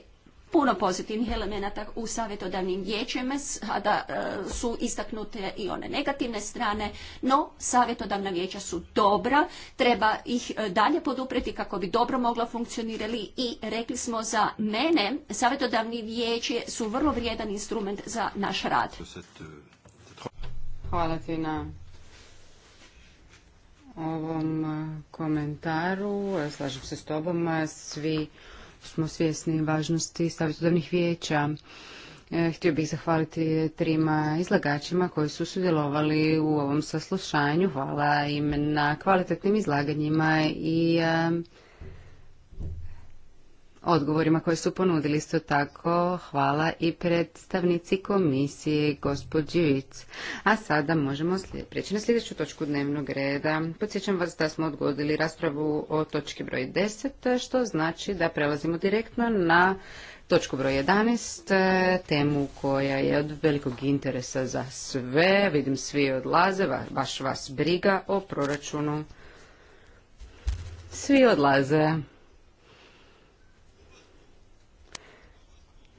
puno pozitivnih elemenata u savjetodavnim vijećima, sada e, su istaknute i one negativne strane, no savjetodavna vijeća su dobra, treba ih e, dalje podupreti kako bi dobro mogla funkcionirali i rekli smo za mene, savjetodavni vijeće su vrlo vrijedan instrument za naš rad. Hvala ti na ovom e, komentaru. Slažem se s tobom. Svi smo svjesni važnosti savjetodavnih vijeća. E, htio bih zahvaliti trima izlagačima koji su sudjelovali u ovom saslušanju. Hvala im na kvalitetnim izlaganjima i e, odgovorima koje su ponudili. Isto tako hvala i predstavnici komisije gospođi Vic. A sada možemo prijeći na sljedeću točku dnevnog reda. Podsjećam vas da smo odgodili raspravu o točki broj 10, što znači da prelazimo direktno na točku broj 11, temu koja je od velikog interesa za sve. Vidim svi odlaze, baš vas briga o proračunu. Svi odlaze.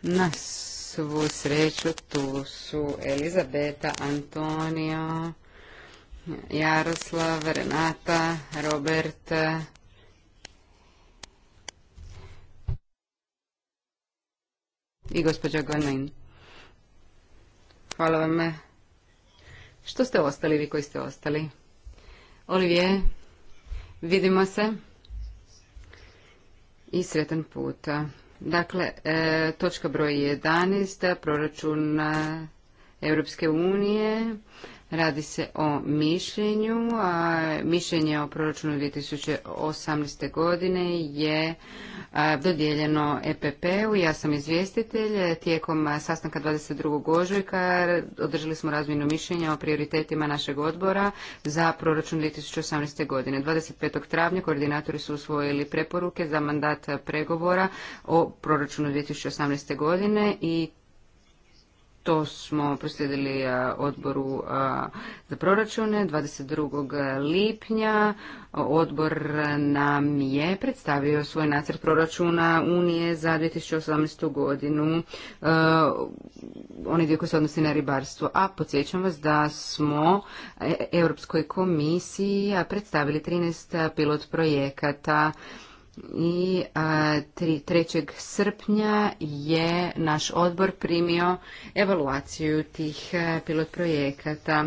Na svu sreću tu su Elizabeta, Antonio, Jaroslav, Renata, Roberta i gospođa Gonin. Hvala vam. Što ste ostali, vi koji ste ostali? Olivije, vidimo se i sretan puta. Dakle, e, točka broj 11, proračun Europske unije. Radi se o mišljenju, a mišljenje o proračunu 2018. godine je dodijeljeno EPP-u. Ja sam izvjestitelj. Tijekom sastanka 22. ožujka održali smo razmjenu mišljenja o prioritetima našeg odbora za proračun 2018. godine. 25. travnja koordinatori su usvojili preporuke za mandat pregovora o proračunu 2018. godine i to smo proslijedili odboru za proračune 22. lipnja. Odbor nam je predstavio svoj nacrt proračuna Unije za 2018. godinu, e, Oni dio koji se odnosi na ribarstvo. A podsjećam vas da smo e, Europskoj komisiji predstavili 13 pilot projekata i 3. srpnja je naš odbor primio evaluaciju tih e, pilot projekata.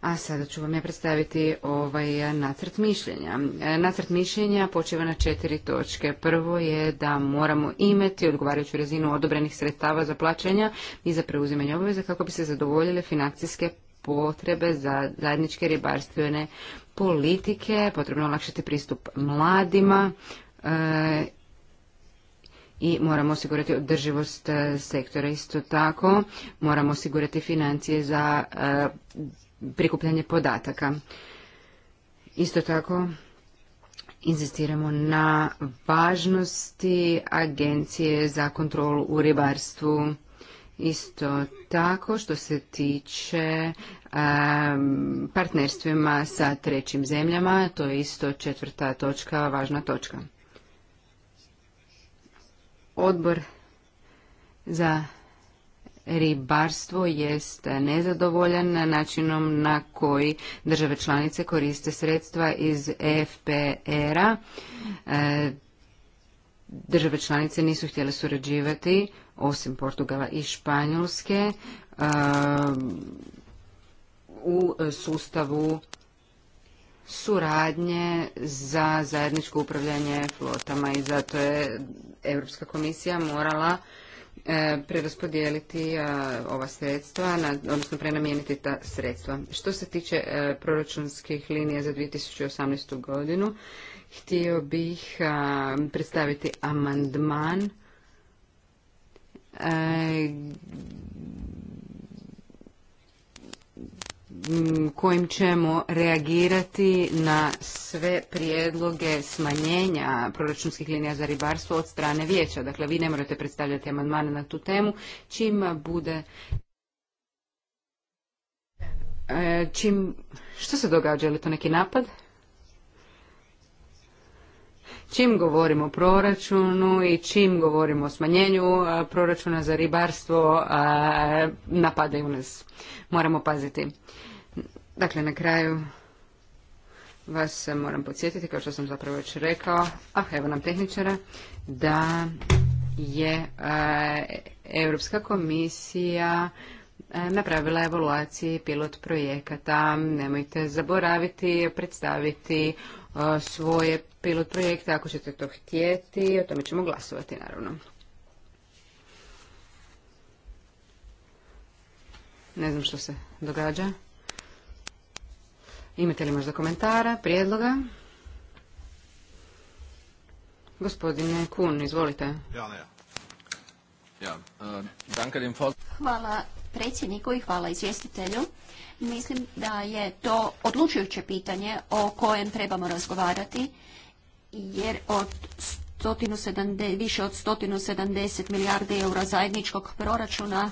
A sada ću vam ja predstaviti ovaj nacrt mišljenja. E, nacrt mišljenja počeva na četiri točke. Prvo je da moramo imati odgovarajuću razinu odobrenih sredstava za plaćanja i za preuzimanje obaveza kako bi se zadovoljile financijske potrebe za zajedničke ribarstvene politike, potrebno olakšati pristup mladima e, i moramo osigurati održivost e, sektora. Isto tako moramo osigurati financije za e, prikupljanje podataka. Isto tako inzistiramo na važnosti agencije za kontrolu u ribarstvu Isto tako što se tiče partnerstvima sa trećim zemljama, to je isto četvrta točka, važna točka. Odbor za ribarstvo je nezadovoljan načinom na koji države članice koriste sredstva iz FPR-a. E, države članice nisu htjele surađivati, osim Portugala i Španjolske, um, u sustavu suradnje za zajedničko upravljanje flotama i zato je Europska komisija morala e, preraspodijeliti e, ova sredstva, odnosno prenamijeniti ta sredstva. Što se tiče e, proračunskih linija za 2018. godinu, Htio bih predstaviti amandman e, kojim ćemo reagirati na sve prijedloge smanjenja proračunskih linija za ribarstvo od strane vijeća. Dakle, vi ne morate predstavljati amandmane na tu temu. Čim bude... E, čim... Što se događa? Je li to neki napad? Čim govorimo o proračunu i čim govorimo o smanjenju proračuna za ribarstvo, napadaju nas. Moramo paziti. Dakle, na kraju vas moram podsjetiti, kao što sam zapravo već rekao, a evo nam tehničara, da je Europska komisija napravila evoluaciju pilot projekata. Nemojte zaboraviti predstaviti svoje pilot projekte ako ćete to htjeti. O tome ćemo glasovati naravno. Ne znam što se događa. Imate li možda komentara, prijedloga? Gospodine Kun, izvolite. E, Hvala predsjedniku i hvala izvjestitelju. Mislim da je to odlučujuće pitanje o kojem trebamo razgovarati, jer od 170, više od 170 milijardi eura zajedničkog proračuna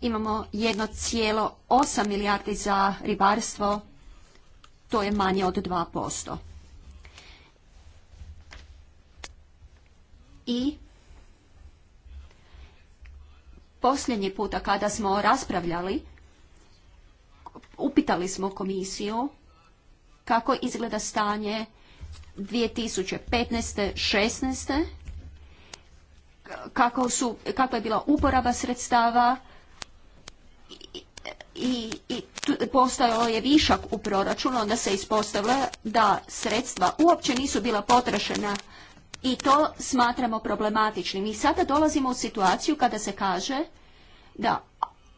imamo 1,8 milijardi za ribarstvo, to je manje od 2%. I Posljednji puta kada smo raspravljali, upitali smo komisiju kako izgleda stanje 2015. 16. Kako kakva je bila uporaba sredstava i, i, je višak u proračunu, onda se ispostavilo da sredstva uopće nisu bila potrošena i to smatramo problematičnim. I sada dolazimo u situaciju kada se kaže da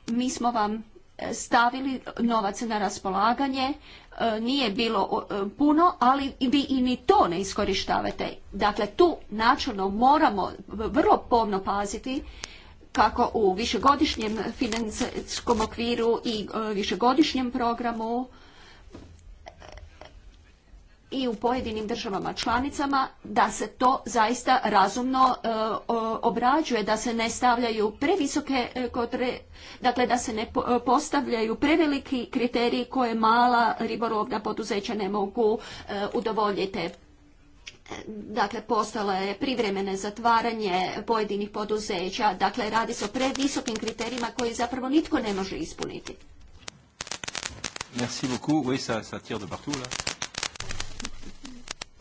mi smo vam e, stavili novac na raspolaganje, e, nije bilo e, puno, ali vi i ni to ne iskorištavate. Dakle, tu načelno moramo vrlo pomno paziti kako u višegodišnjem financijskom okviru i višegodišnjem programu i u pojedinim državama članicama da se to zaista razumno e, obrađuje, da se ne stavljaju previsoke, e, dakle da se ne e, postavljaju preveliki kriteriji koje mala ribolovna poduzeća ne mogu udovoljiti. Dakle, postalo je privremene zatvaranje pojedinih poduzeća, dakle radi se o previsokim kriterijima koji zapravo nitko ne može ispuniti. Merci beaucoup.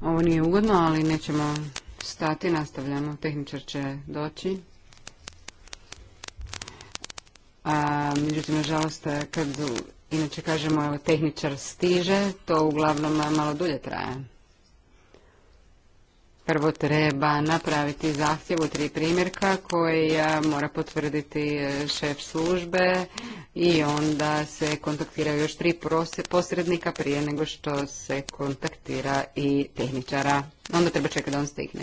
Ovo nije ugodno, ali nećemo stati, nastavljamo. Tehničar će doći. A, međutim, nažalost, kad inače kažemo evo, tehničar stiže, to uglavnom malo dulje traje. Prvo treba napraviti zahtjev u tri primjerka koji mora potvrditi e, šef službe i onda se kontaktiraju još tri posrednika prije nego što se kontaktira i tehničara. Onda treba čekati da on stigne.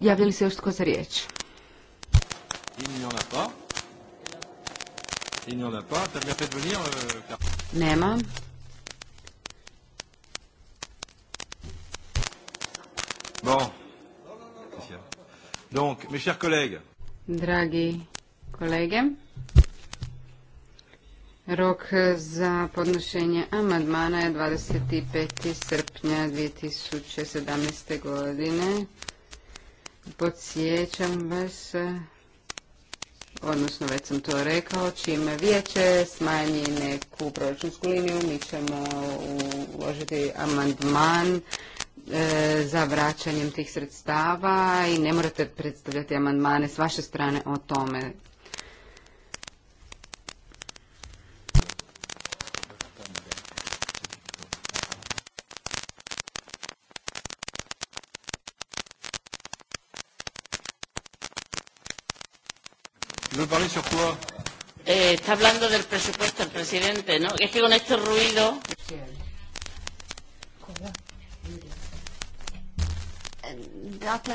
Javlja se još tko za riječ? Euh, Nema. Donc, mes chers Dragi kolege, rok za podnošenje amandmana je 25. srpnja 2017. godine. Podsjećam vas, odnosno već sam to rekao, čim vijeće smanji neku proračunsku liniju, mi ćemo uložiti amandman E, za vraćanjem tih sredstava i ne morate predstavljati amandmane s vaše strane o tome. Eh, está hablando del presupuesto el presidente, ¿no? Es que con este ruido... Dakle,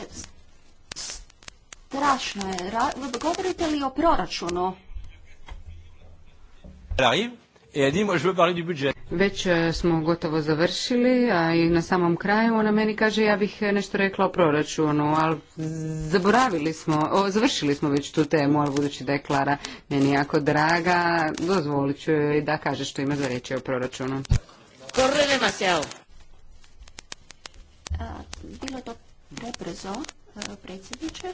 strašno je. govorite li o proračunu? Već e, smo gotovo završili, a i na samom kraju ona meni kaže ja bih e, nešto rekla o proračunu, ali zaboravili smo, o, završili smo već tu temu, ali budući da je Klara meni jako draga, dozvolit ću joj da kaže što ima za reći o proračunu. bilo to prebrzo, e, predsjedniče.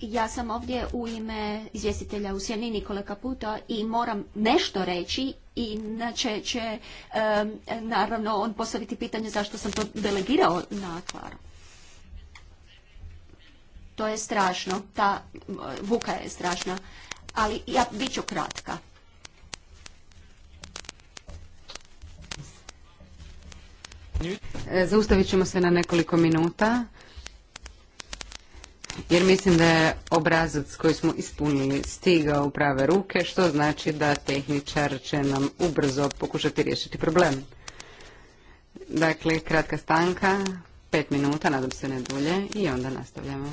Ja sam ovdje u ime izvjestitelja u Sjeni Nikole Kaputa i moram nešto reći, inače će e, naravno on postaviti pitanje zašto sam to delegirao na Klaru. To je strašno, ta e, buka je strašna, ali ja bit ću kratka. E, zaustavit ćemo se na nekoliko minuta jer mislim da je obrazac koji smo ispunili stigao u prave ruke, što znači da tehničar će nam ubrzo pokušati riješiti problem. Dakle, kratka stanka, pet minuta, nadam se ne dulje i onda nastavljamo.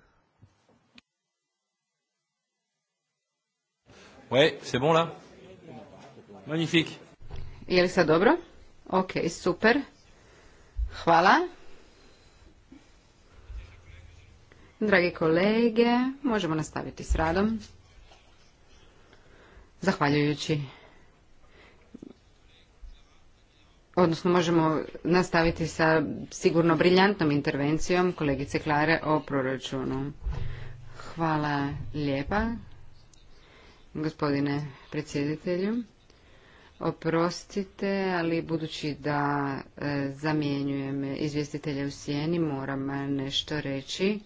c'est bon là Magnifique. Je li sad dobro? Ok, super. Hvala. Dragi kolege, možemo nastaviti s radom. Zahvaljujući. Odnosno, možemo nastaviti sa sigurno briljantnom intervencijom kolegice Klare o proračunu. Hvala lijepa Gospodine predsjedatelju, oprostite, ali budući da e, zamjenjujem izvjestitelja u sjeni, moram nešto reći.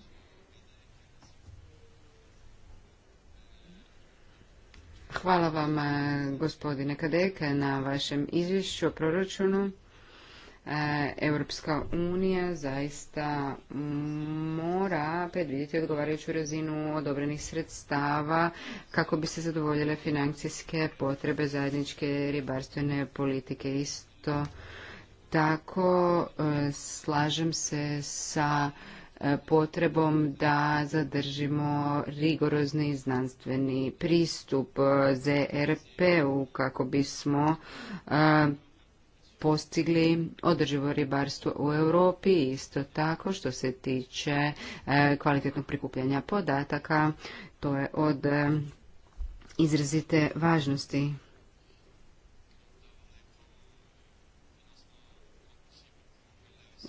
Hvala vam, e, gospodine Kadeke, na vašem izvješću o proračunu. E, Europska unija zaista mora predvidjeti odgovarajuću razinu odobrenih sredstava kako bi se zadovoljile financijske potrebe zajedničke ribarstvene politike. Isto tako e, slažem se sa e, potrebom da zadržimo rigorozni znanstveni pristup ZRP-u kako bismo postigli održivo ribarstvo u Europi, isto tako što se tiče e, kvalitetnog prikupljanja podataka, to je od e, izrazite važnosti.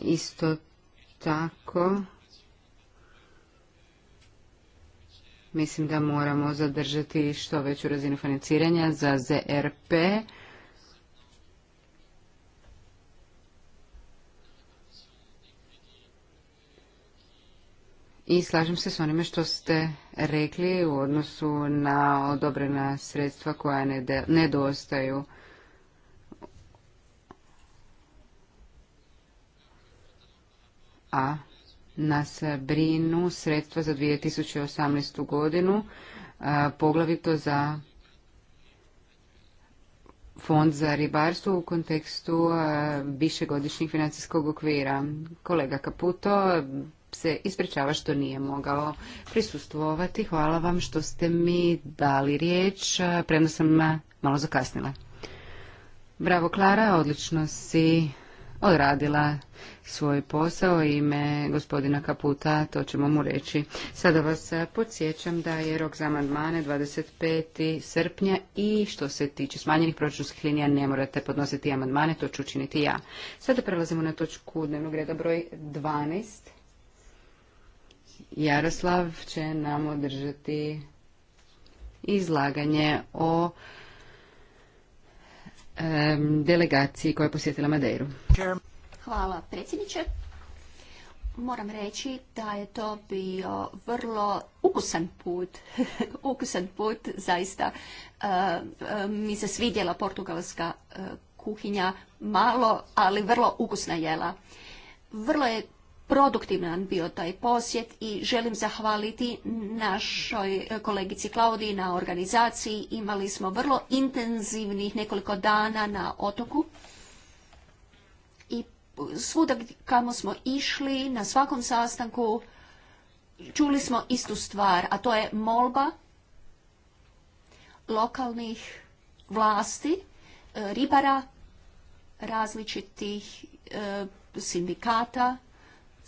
Isto tako, mislim da moramo zadržati što veću razinu financiranja za ZRP, i slažem se s onime što ste rekli u odnosu na odobrena sredstva koja nedostaju. A nas brinu sredstva za 2018. godinu, poglavito za fond za ribarstvo u kontekstu višegodišnjih financijskog okvira. Kolega Kaputo, se ispričava što nije mogao prisustvovati. Hvala vam što ste mi dali riječ, premda sam malo zakasnila. Bravo Klara, odlično si odradila svoj posao ime gospodina Kaputa, to ćemo mu reći. Sada vas podsjećam da je rok za amandmane 25. srpnja i što se tiče smanjenih proračunskih linija ne morate podnositi amandmane, to ću učiniti ja. Sada prelazimo na točku dnevnog reda broj 12. Jaroslav će nam održati izlaganje o delegaciji koja je posjetila Madeiru. Hvala predsjedniče. Moram reći da je to bio vrlo ukusan put, ukusan put zaista. mi se svidjela portugalska e, kuhinja, malo, ali vrlo ukusna jela. Vrlo je produktivan bio taj posjet i želim zahvaliti našoj kolegici Klaudiji na organizaciji. Imali smo vrlo intenzivnih nekoliko dana na otoku i svuda kamo smo išli, na svakom sastanku, čuli smo istu stvar, a to je molba lokalnih vlasti, ribara, različitih e, sindikata,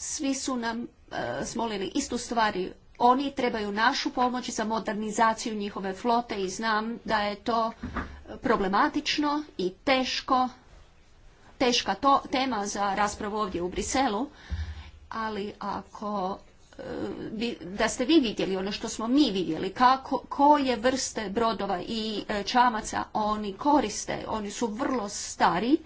svi su nam e, smolili istu stvari. Oni trebaju našu pomoć za modernizaciju njihove flote i znam da je to problematično i teško, teška to, tema za raspravu ovdje u Briselu, ali ako e, da ste vi vidjeli ono što smo mi vidjeli, kako, koje vrste brodova i e, čamaca oni koriste. Oni su vrlo stari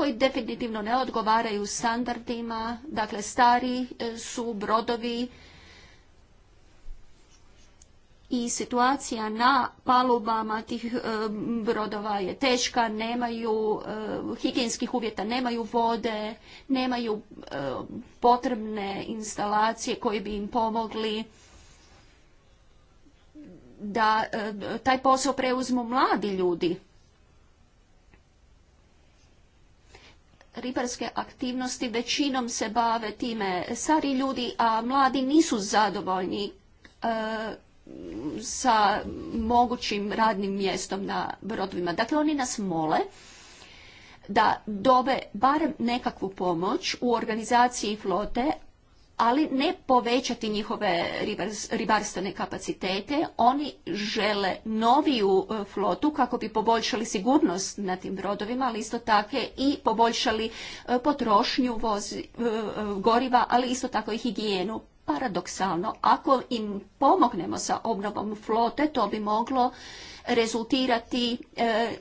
koji definitivno ne odgovaraju standardima, dakle stari e, su brodovi i situacija na palubama tih e, brodova je teška, nemaju e, higijenskih uvjeta, nemaju vode, nemaju potrebne instalacije koje bi im pomogli da taj posao preuzmu mladi ljudi ribarske aktivnosti većinom se bave time stari ljudi, a mladi nisu zadovoljni e, sa mogućim radnim mjestom na brodovima. Dakle, oni nas mole da dobe barem nekakvu pomoć u organizaciji flote, ali ne povećati njihove ribarstvene kapacitete. Oni žele noviju e, flotu kako bi poboljšali sigurnost na tim brodovima, ali isto tako i poboljšali e, potrošnju e, goriva, ali isto tako i higijenu. Paradoksalno, ako im pomognemo sa obnovom flote, to bi moglo rezultirati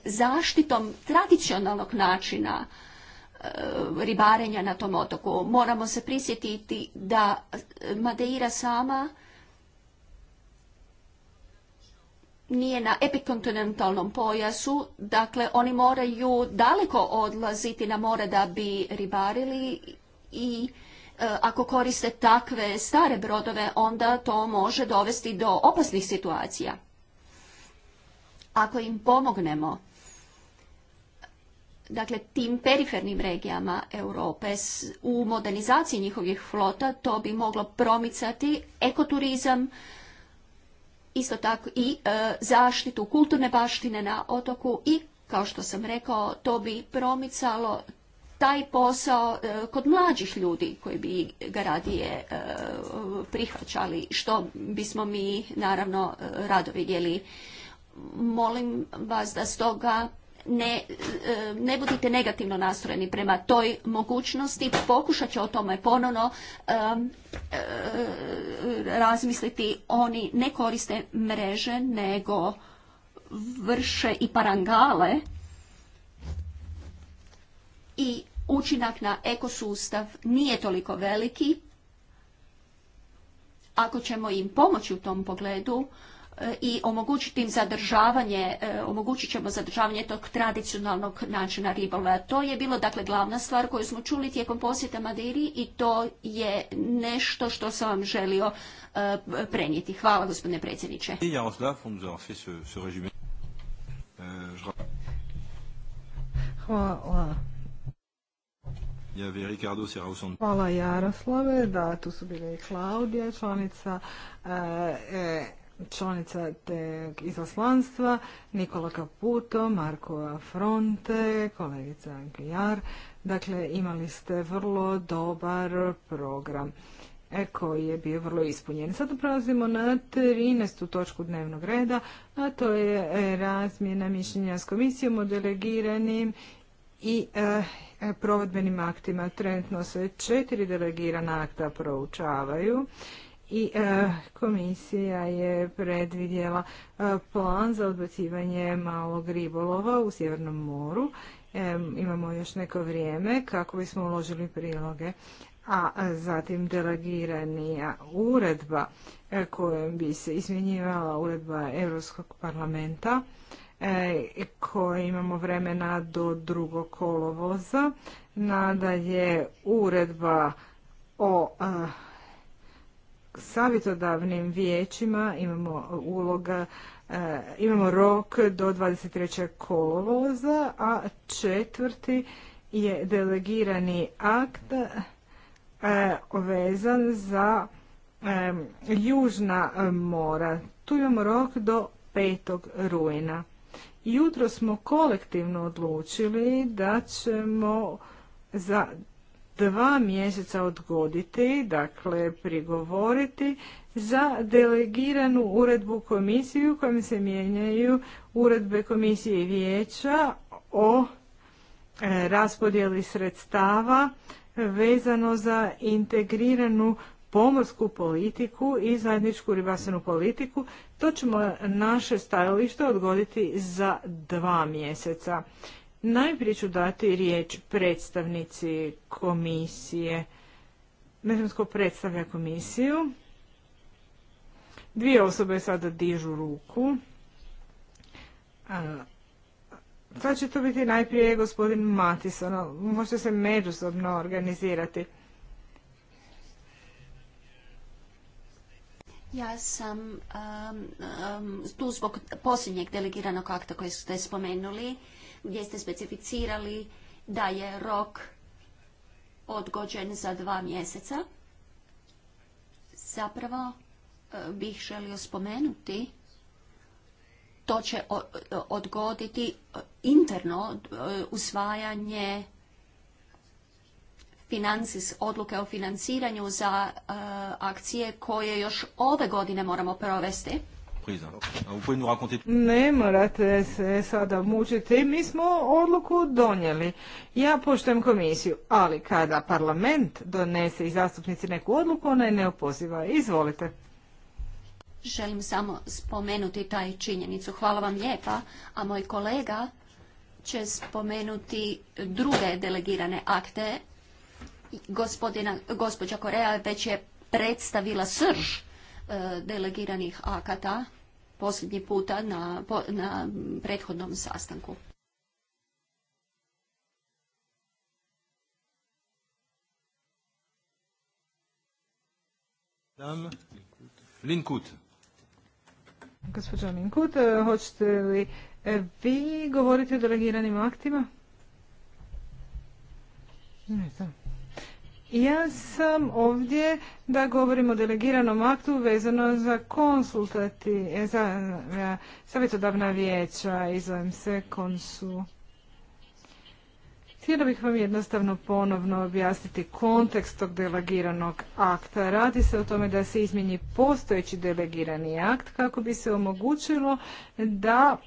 zaštitom tradicionalnog načina E, ribarenja na tom otoku. Moramo se prisjetiti da Madeira sama nije na epikontinentalnom pojasu, dakle oni moraju daleko odlaziti na more da bi ribarili i e, ako koriste takve stare brodove, onda to može dovesti do opasnih situacija. Ako im pomognemo dakle tim perifernim regijama Europe u modernizaciji njihovih flota to bi moglo promicati ekoturizam isto tako i e, zaštitu kulturne baštine na otoku i kao što sam rekao to bi promicalo taj posao e, kod mlađih ljudi koji bi ga radije e, prihvaćali što bismo mi naravno e, rado vidjeli molim vas da stoga ne, e, ne budite negativno nastrojeni prema toj mogućnosti, pokušat će o tome ponovno e, e, razmisliti. Oni ne koriste mreže, nego vrše i parangale i učinak na ekosustav nije toliko veliki. Ako ćemo im pomoći u tom pogledu, i omogućiti im zadržavanje, e, omogućit ćemo zadržavanje tog tradicionalnog načina ribolova. To je bilo dakle glavna stvar koju smo čuli tijekom posjeta Madiri i to je nešto što sam vam želio e, prenijeti. Hvala gospodine predsjedniče. Euh, Hvala. Jaroslave, da tu su bile i Klaudija, članica e, članica te izaslanstva, Nikola Caputo, Marko Afronte, kolegica Anglijar. Dakle, imali ste vrlo dobar program e, koji je bio vrlo ispunjen. Sada prelazimo na 13. točku dnevnog reda, a to je e, razmjena mišljenja s komisijom o delegiranim i e, provedbenim aktima. Trenutno se četiri delegirana akta proučavaju i e, komisija je predvidjela e, plan za odbacivanje malog ribolova u Sjevernom moru. E, imamo još neko vrijeme kako bismo uložili priloge a zatim delegiranija uredba kojom bi se izmjenjivala uredba Europskog parlamenta koje imamo vremena do drugog kolovoza. Nadalje uredba o savjetodavnim vijećima imamo uloga eh, imamo rok do 23. kolovoza, a četvrti je delegirani akt eh, vezan za eh, južna mora. Tu imamo rok do 5. rujna. Jutro smo kolektivno odlučili da ćemo za dva mjeseca odgoditi, dakle prigovoriti za delegiranu uredbu komisiju kojom se mijenjaju uredbe komisije i vijeća o e, raspodjeli sredstava vezano za integriranu pomorsku politiku i zajedničku ribarstvenu politiku. To ćemo naše stajalište odgoditi za dva mjeseca. Najprije ću dati riječ predstavnici komisije. Ne znam predstavlja komisiju. Dvije osobe sada dižu ruku. Sad će to biti najprije gospodin Matison. Možete se međusobno organizirati. Ja sam um, um, tu zbog posljednjeg delegiranog akta koji ste spomenuli gdje ste specificirali da je rok odgođen za dva mjeseca. Zapravo e, bih želio spomenuti to će e, odgoditi e, interno usvajanje odluke o financiranju za akcije koje još ove godine moramo provesti. Ah, ne morate se sada mučiti, mi smo odluku donijeli. Ja poštujem komisiju, ali kada parlament donese i zastupnici neku odluku, ona je neopoziva. Izvolite. Želim samo spomenuti taj činjenicu. Hvala vam lijepa, a moj kolega će spomenuti druge delegirane akte. Gospodina, gospođa Koreja već je predstavila srž E, delegiranih akata posljednji puta na, na prethodnom sastanku. Dam Linkut. Gospođo Linkut, e, hoćete li e, vi govoriti o delegiranim aktima? Ne znam. Ja sam ovdje da govorim o delegiranom aktu vezano za konsultati, e, za savjetodavna vijeća i zovem se konsu. Htjela bih vam jednostavno ponovno objasniti kontekst tog delegiranog akta. Radi se o tome da se izmjeni postojeći delegirani akt kako bi se omogućilo da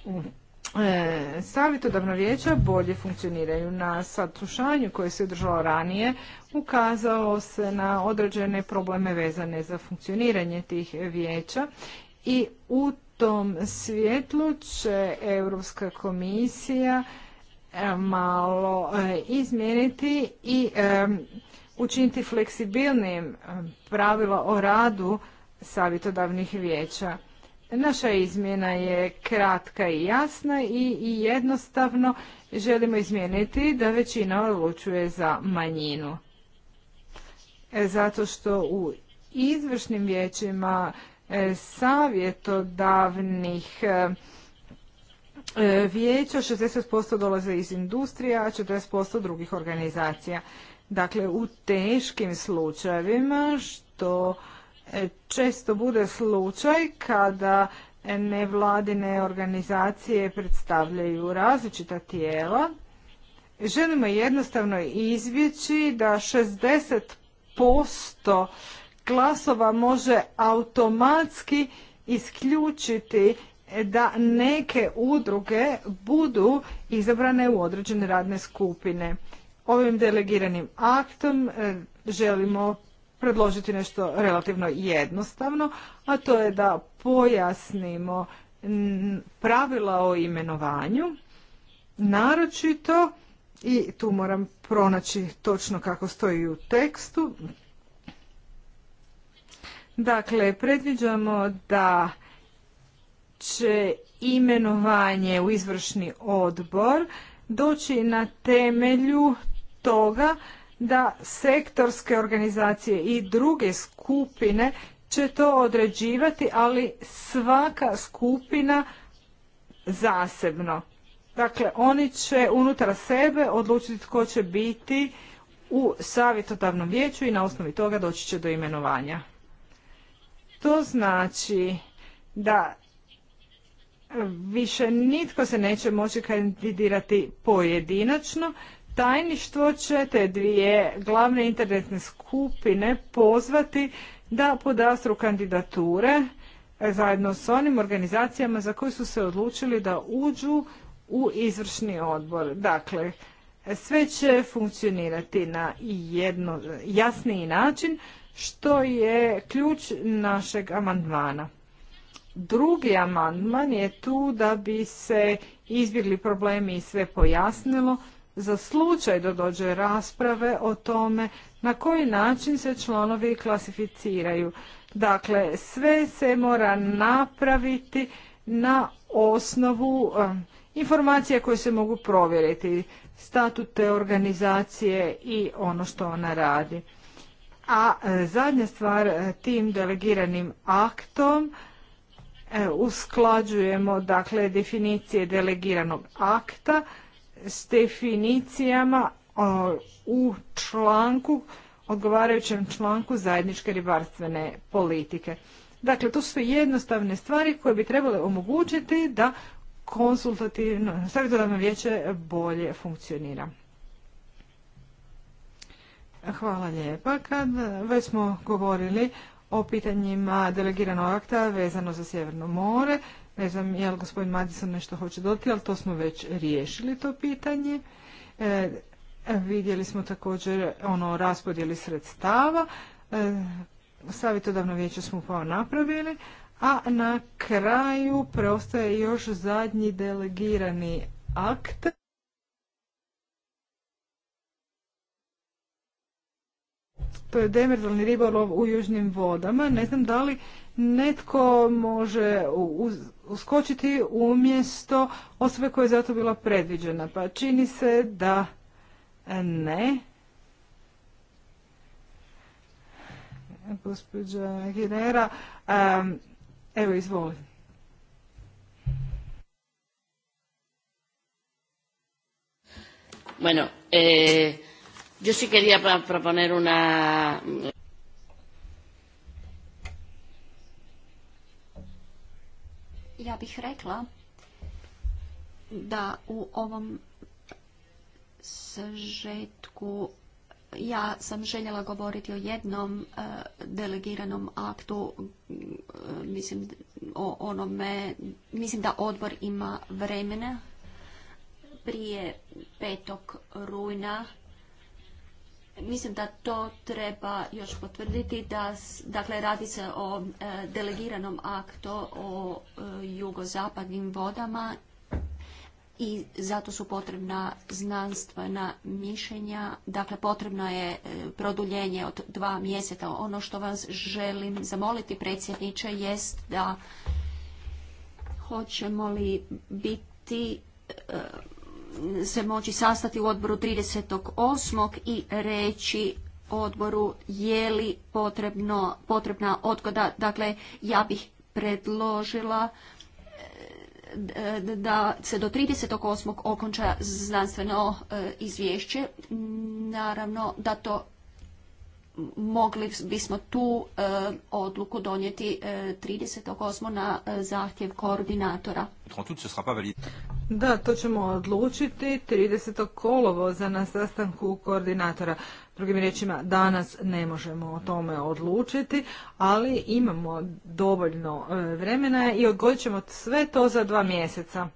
e, savjetodavna vijeća bolje funkcioniraju. Na satrušanju koje se održalo ranije ukazalo se na određene probleme vezane za funkcioniranje tih vijeća i u tom svjetlu će Europska komisija e, malo e, izmijeniti i e, učiniti fleksibilnim pravila o radu savjetodavnih vijeća. Naša izmjena je kratka i jasna i, jednostavno želimo izmijeniti da većina odlučuje za manjinu. E, zato što u izvršnim vijećima e, savjetodavnih e, vijeća 60% dolaze iz industrija, a 40% drugih organizacija. Dakle, u teškim slučajevima što često bude slučaj kada nevladine organizacije predstavljaju različita tijela, želimo jednostavno izbjeći da 60% glasova može automatski isključiti da neke udruge budu izabrane u određene radne skupine. Ovim delegiranim aktom e, želimo predložiti nešto relativno jednostavno, a to je da pojasnimo pravila o imenovanju, naročito, i tu moram pronaći točno kako stoji u tekstu, dakle, predviđamo da će imenovanje u izvršni odbor doći na temelju toga da sektorske organizacije i druge skupine će to određivati, ali svaka skupina zasebno. Dakle, oni će unutar sebe odlučiti tko će biti u savjetodavnom vijeću i na osnovi toga doći će do imenovanja. To znači da više nitko se neće moći kandidirati pojedinačno, tajništvo će te dvije glavne internetne skupine pozvati da podastru kandidature e, zajedno s onim organizacijama za koje su se odlučili da uđu u izvršni odbor. Dakle, sve će funkcionirati na jedno, jasniji način, što je ključ našeg amandmana. Drugi amandman je tu da bi se izbjegli problemi i sve pojasnilo, za slučaj da dođe rasprave o tome na koji način se članovi klasificiraju. Dakle, sve se mora napraviti na osnovu um, informacija koje se mogu provjeriti, statut te organizacije i ono što ona radi. A e, zadnja stvar, e, tim delegiranim aktom e, usklađujemo dakle definicije delegiranog akta s definicijama u članku, odgovarajućem članku zajedničke ribarstvene politike. Dakle, to su jednostavne stvari koje bi trebale omogućiti da konsultativno, savjetodavno vijeće bolje funkcionira. Hvala lijepa. Kad već smo govorili o pitanjima delegiranog akta vezano za Sjeverno more, ne znam je li gospodin Madison nešto hoće dodati, ali to smo već riješili to pitanje. E, vidjeli smo također ono raspodjeli sredstava. E, savjetodavno vijeće smo pa napravili. A na kraju preostaje još zadnji delegirani akt. to je demerzalni ribolov u južnim vodama. Ne znam da li netko može uskočiti umjesto osobe koja je zato bila predviđena. Pa čini se da ne. Gospođa Ginera, evo izvoli. Bueno, eh, Yo sí quería proponer una. Ja bih rekla da u ovom sažetku ja sam željela govoriti o jednom e, delegiranom aktu, e, mislim o onome, mislim da odbor ima vremena prije 5. rujna Mislim da to treba još potvrditi da, dakle, radi se o e, delegiranom aktu o e, jugozapadnim vodama i zato su potrebna znanstvena mišljenja. Dakle, potrebno je e, produljenje od dva mjeseca. Ono što vas želim zamoliti, predsjedniče, jest da hoćemo li biti se moći sastati u odboru 38. i reći odboru je li potrebno, potrebna odgoda. Dakle, ja bih predložila e, da se do 38. okonča znanstveno e, izvješće. Naravno da to mogli bismo tu e, odluku donijeti 38. na zahtjev koordinatora. Da, to ćemo odlučiti 30. kolovoza na sastanku koordinatora. Drugim riječima, danas ne možemo o tome odlučiti, ali imamo dovoljno e, vremena i odgodit ćemo sve to za dva mjeseca.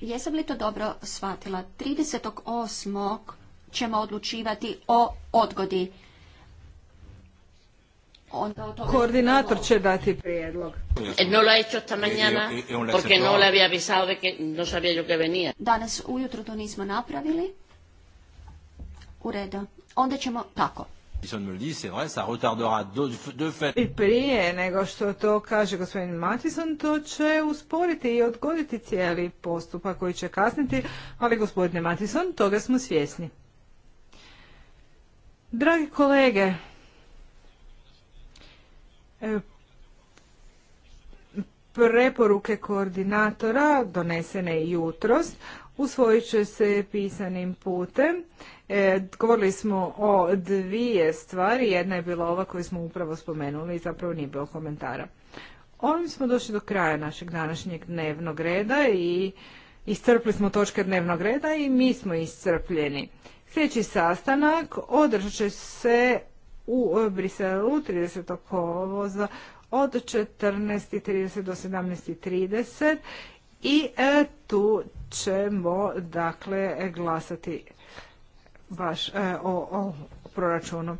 Jesam li to dobro shvatila? 38. ćemo odlučivati o odgodi. Onda Koordinator će dati prijedlog. E, no lo ha hecho mañana porque no le había avisado de que no sabía yo que venía. Danas ujutro to nismo napravili. U redu. Onda ćemo tako. I prije nego što to kaže gospodin Matison, to će usporiti i odgoditi cijeli postupak koji će kasniti, ali gospodine Matison, toga smo svjesni. Dragi kolege, E, preporuke koordinatora donesene jutros usvojit će se pisanim putem. E, govorili smo o dvije stvari. Jedna je bila ova koju smo upravo spomenuli i zapravo nije bilo komentara. Ovim smo došli do kraja našeg današnjeg dnevnog reda i iscrpli smo točke dnevnog reda i mi smo iscrpljeni. Sljedeći sastanak održat će se u e, Briselu 30. kolovoza od 14.30 do 17.30 i e, tu ćemo dakle glasati baš e, o, proračunu.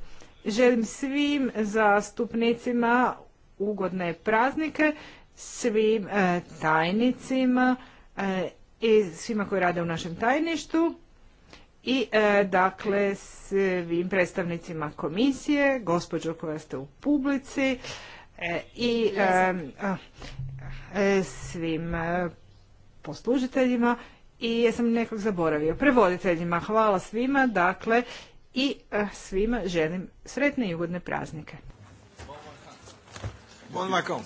Želim svim zastupnicima ugodne praznike, svim tajnicima i svima koji rade u našem tajništu i e, dakle svim predstavnicima komisije, gospođo koja ste u publici e, i e, svim poslužiteljima i jesam nekog zaboravio. Prevoditeljima hvala svima, dakle i svima želim sretne i ugodne praznike. Bon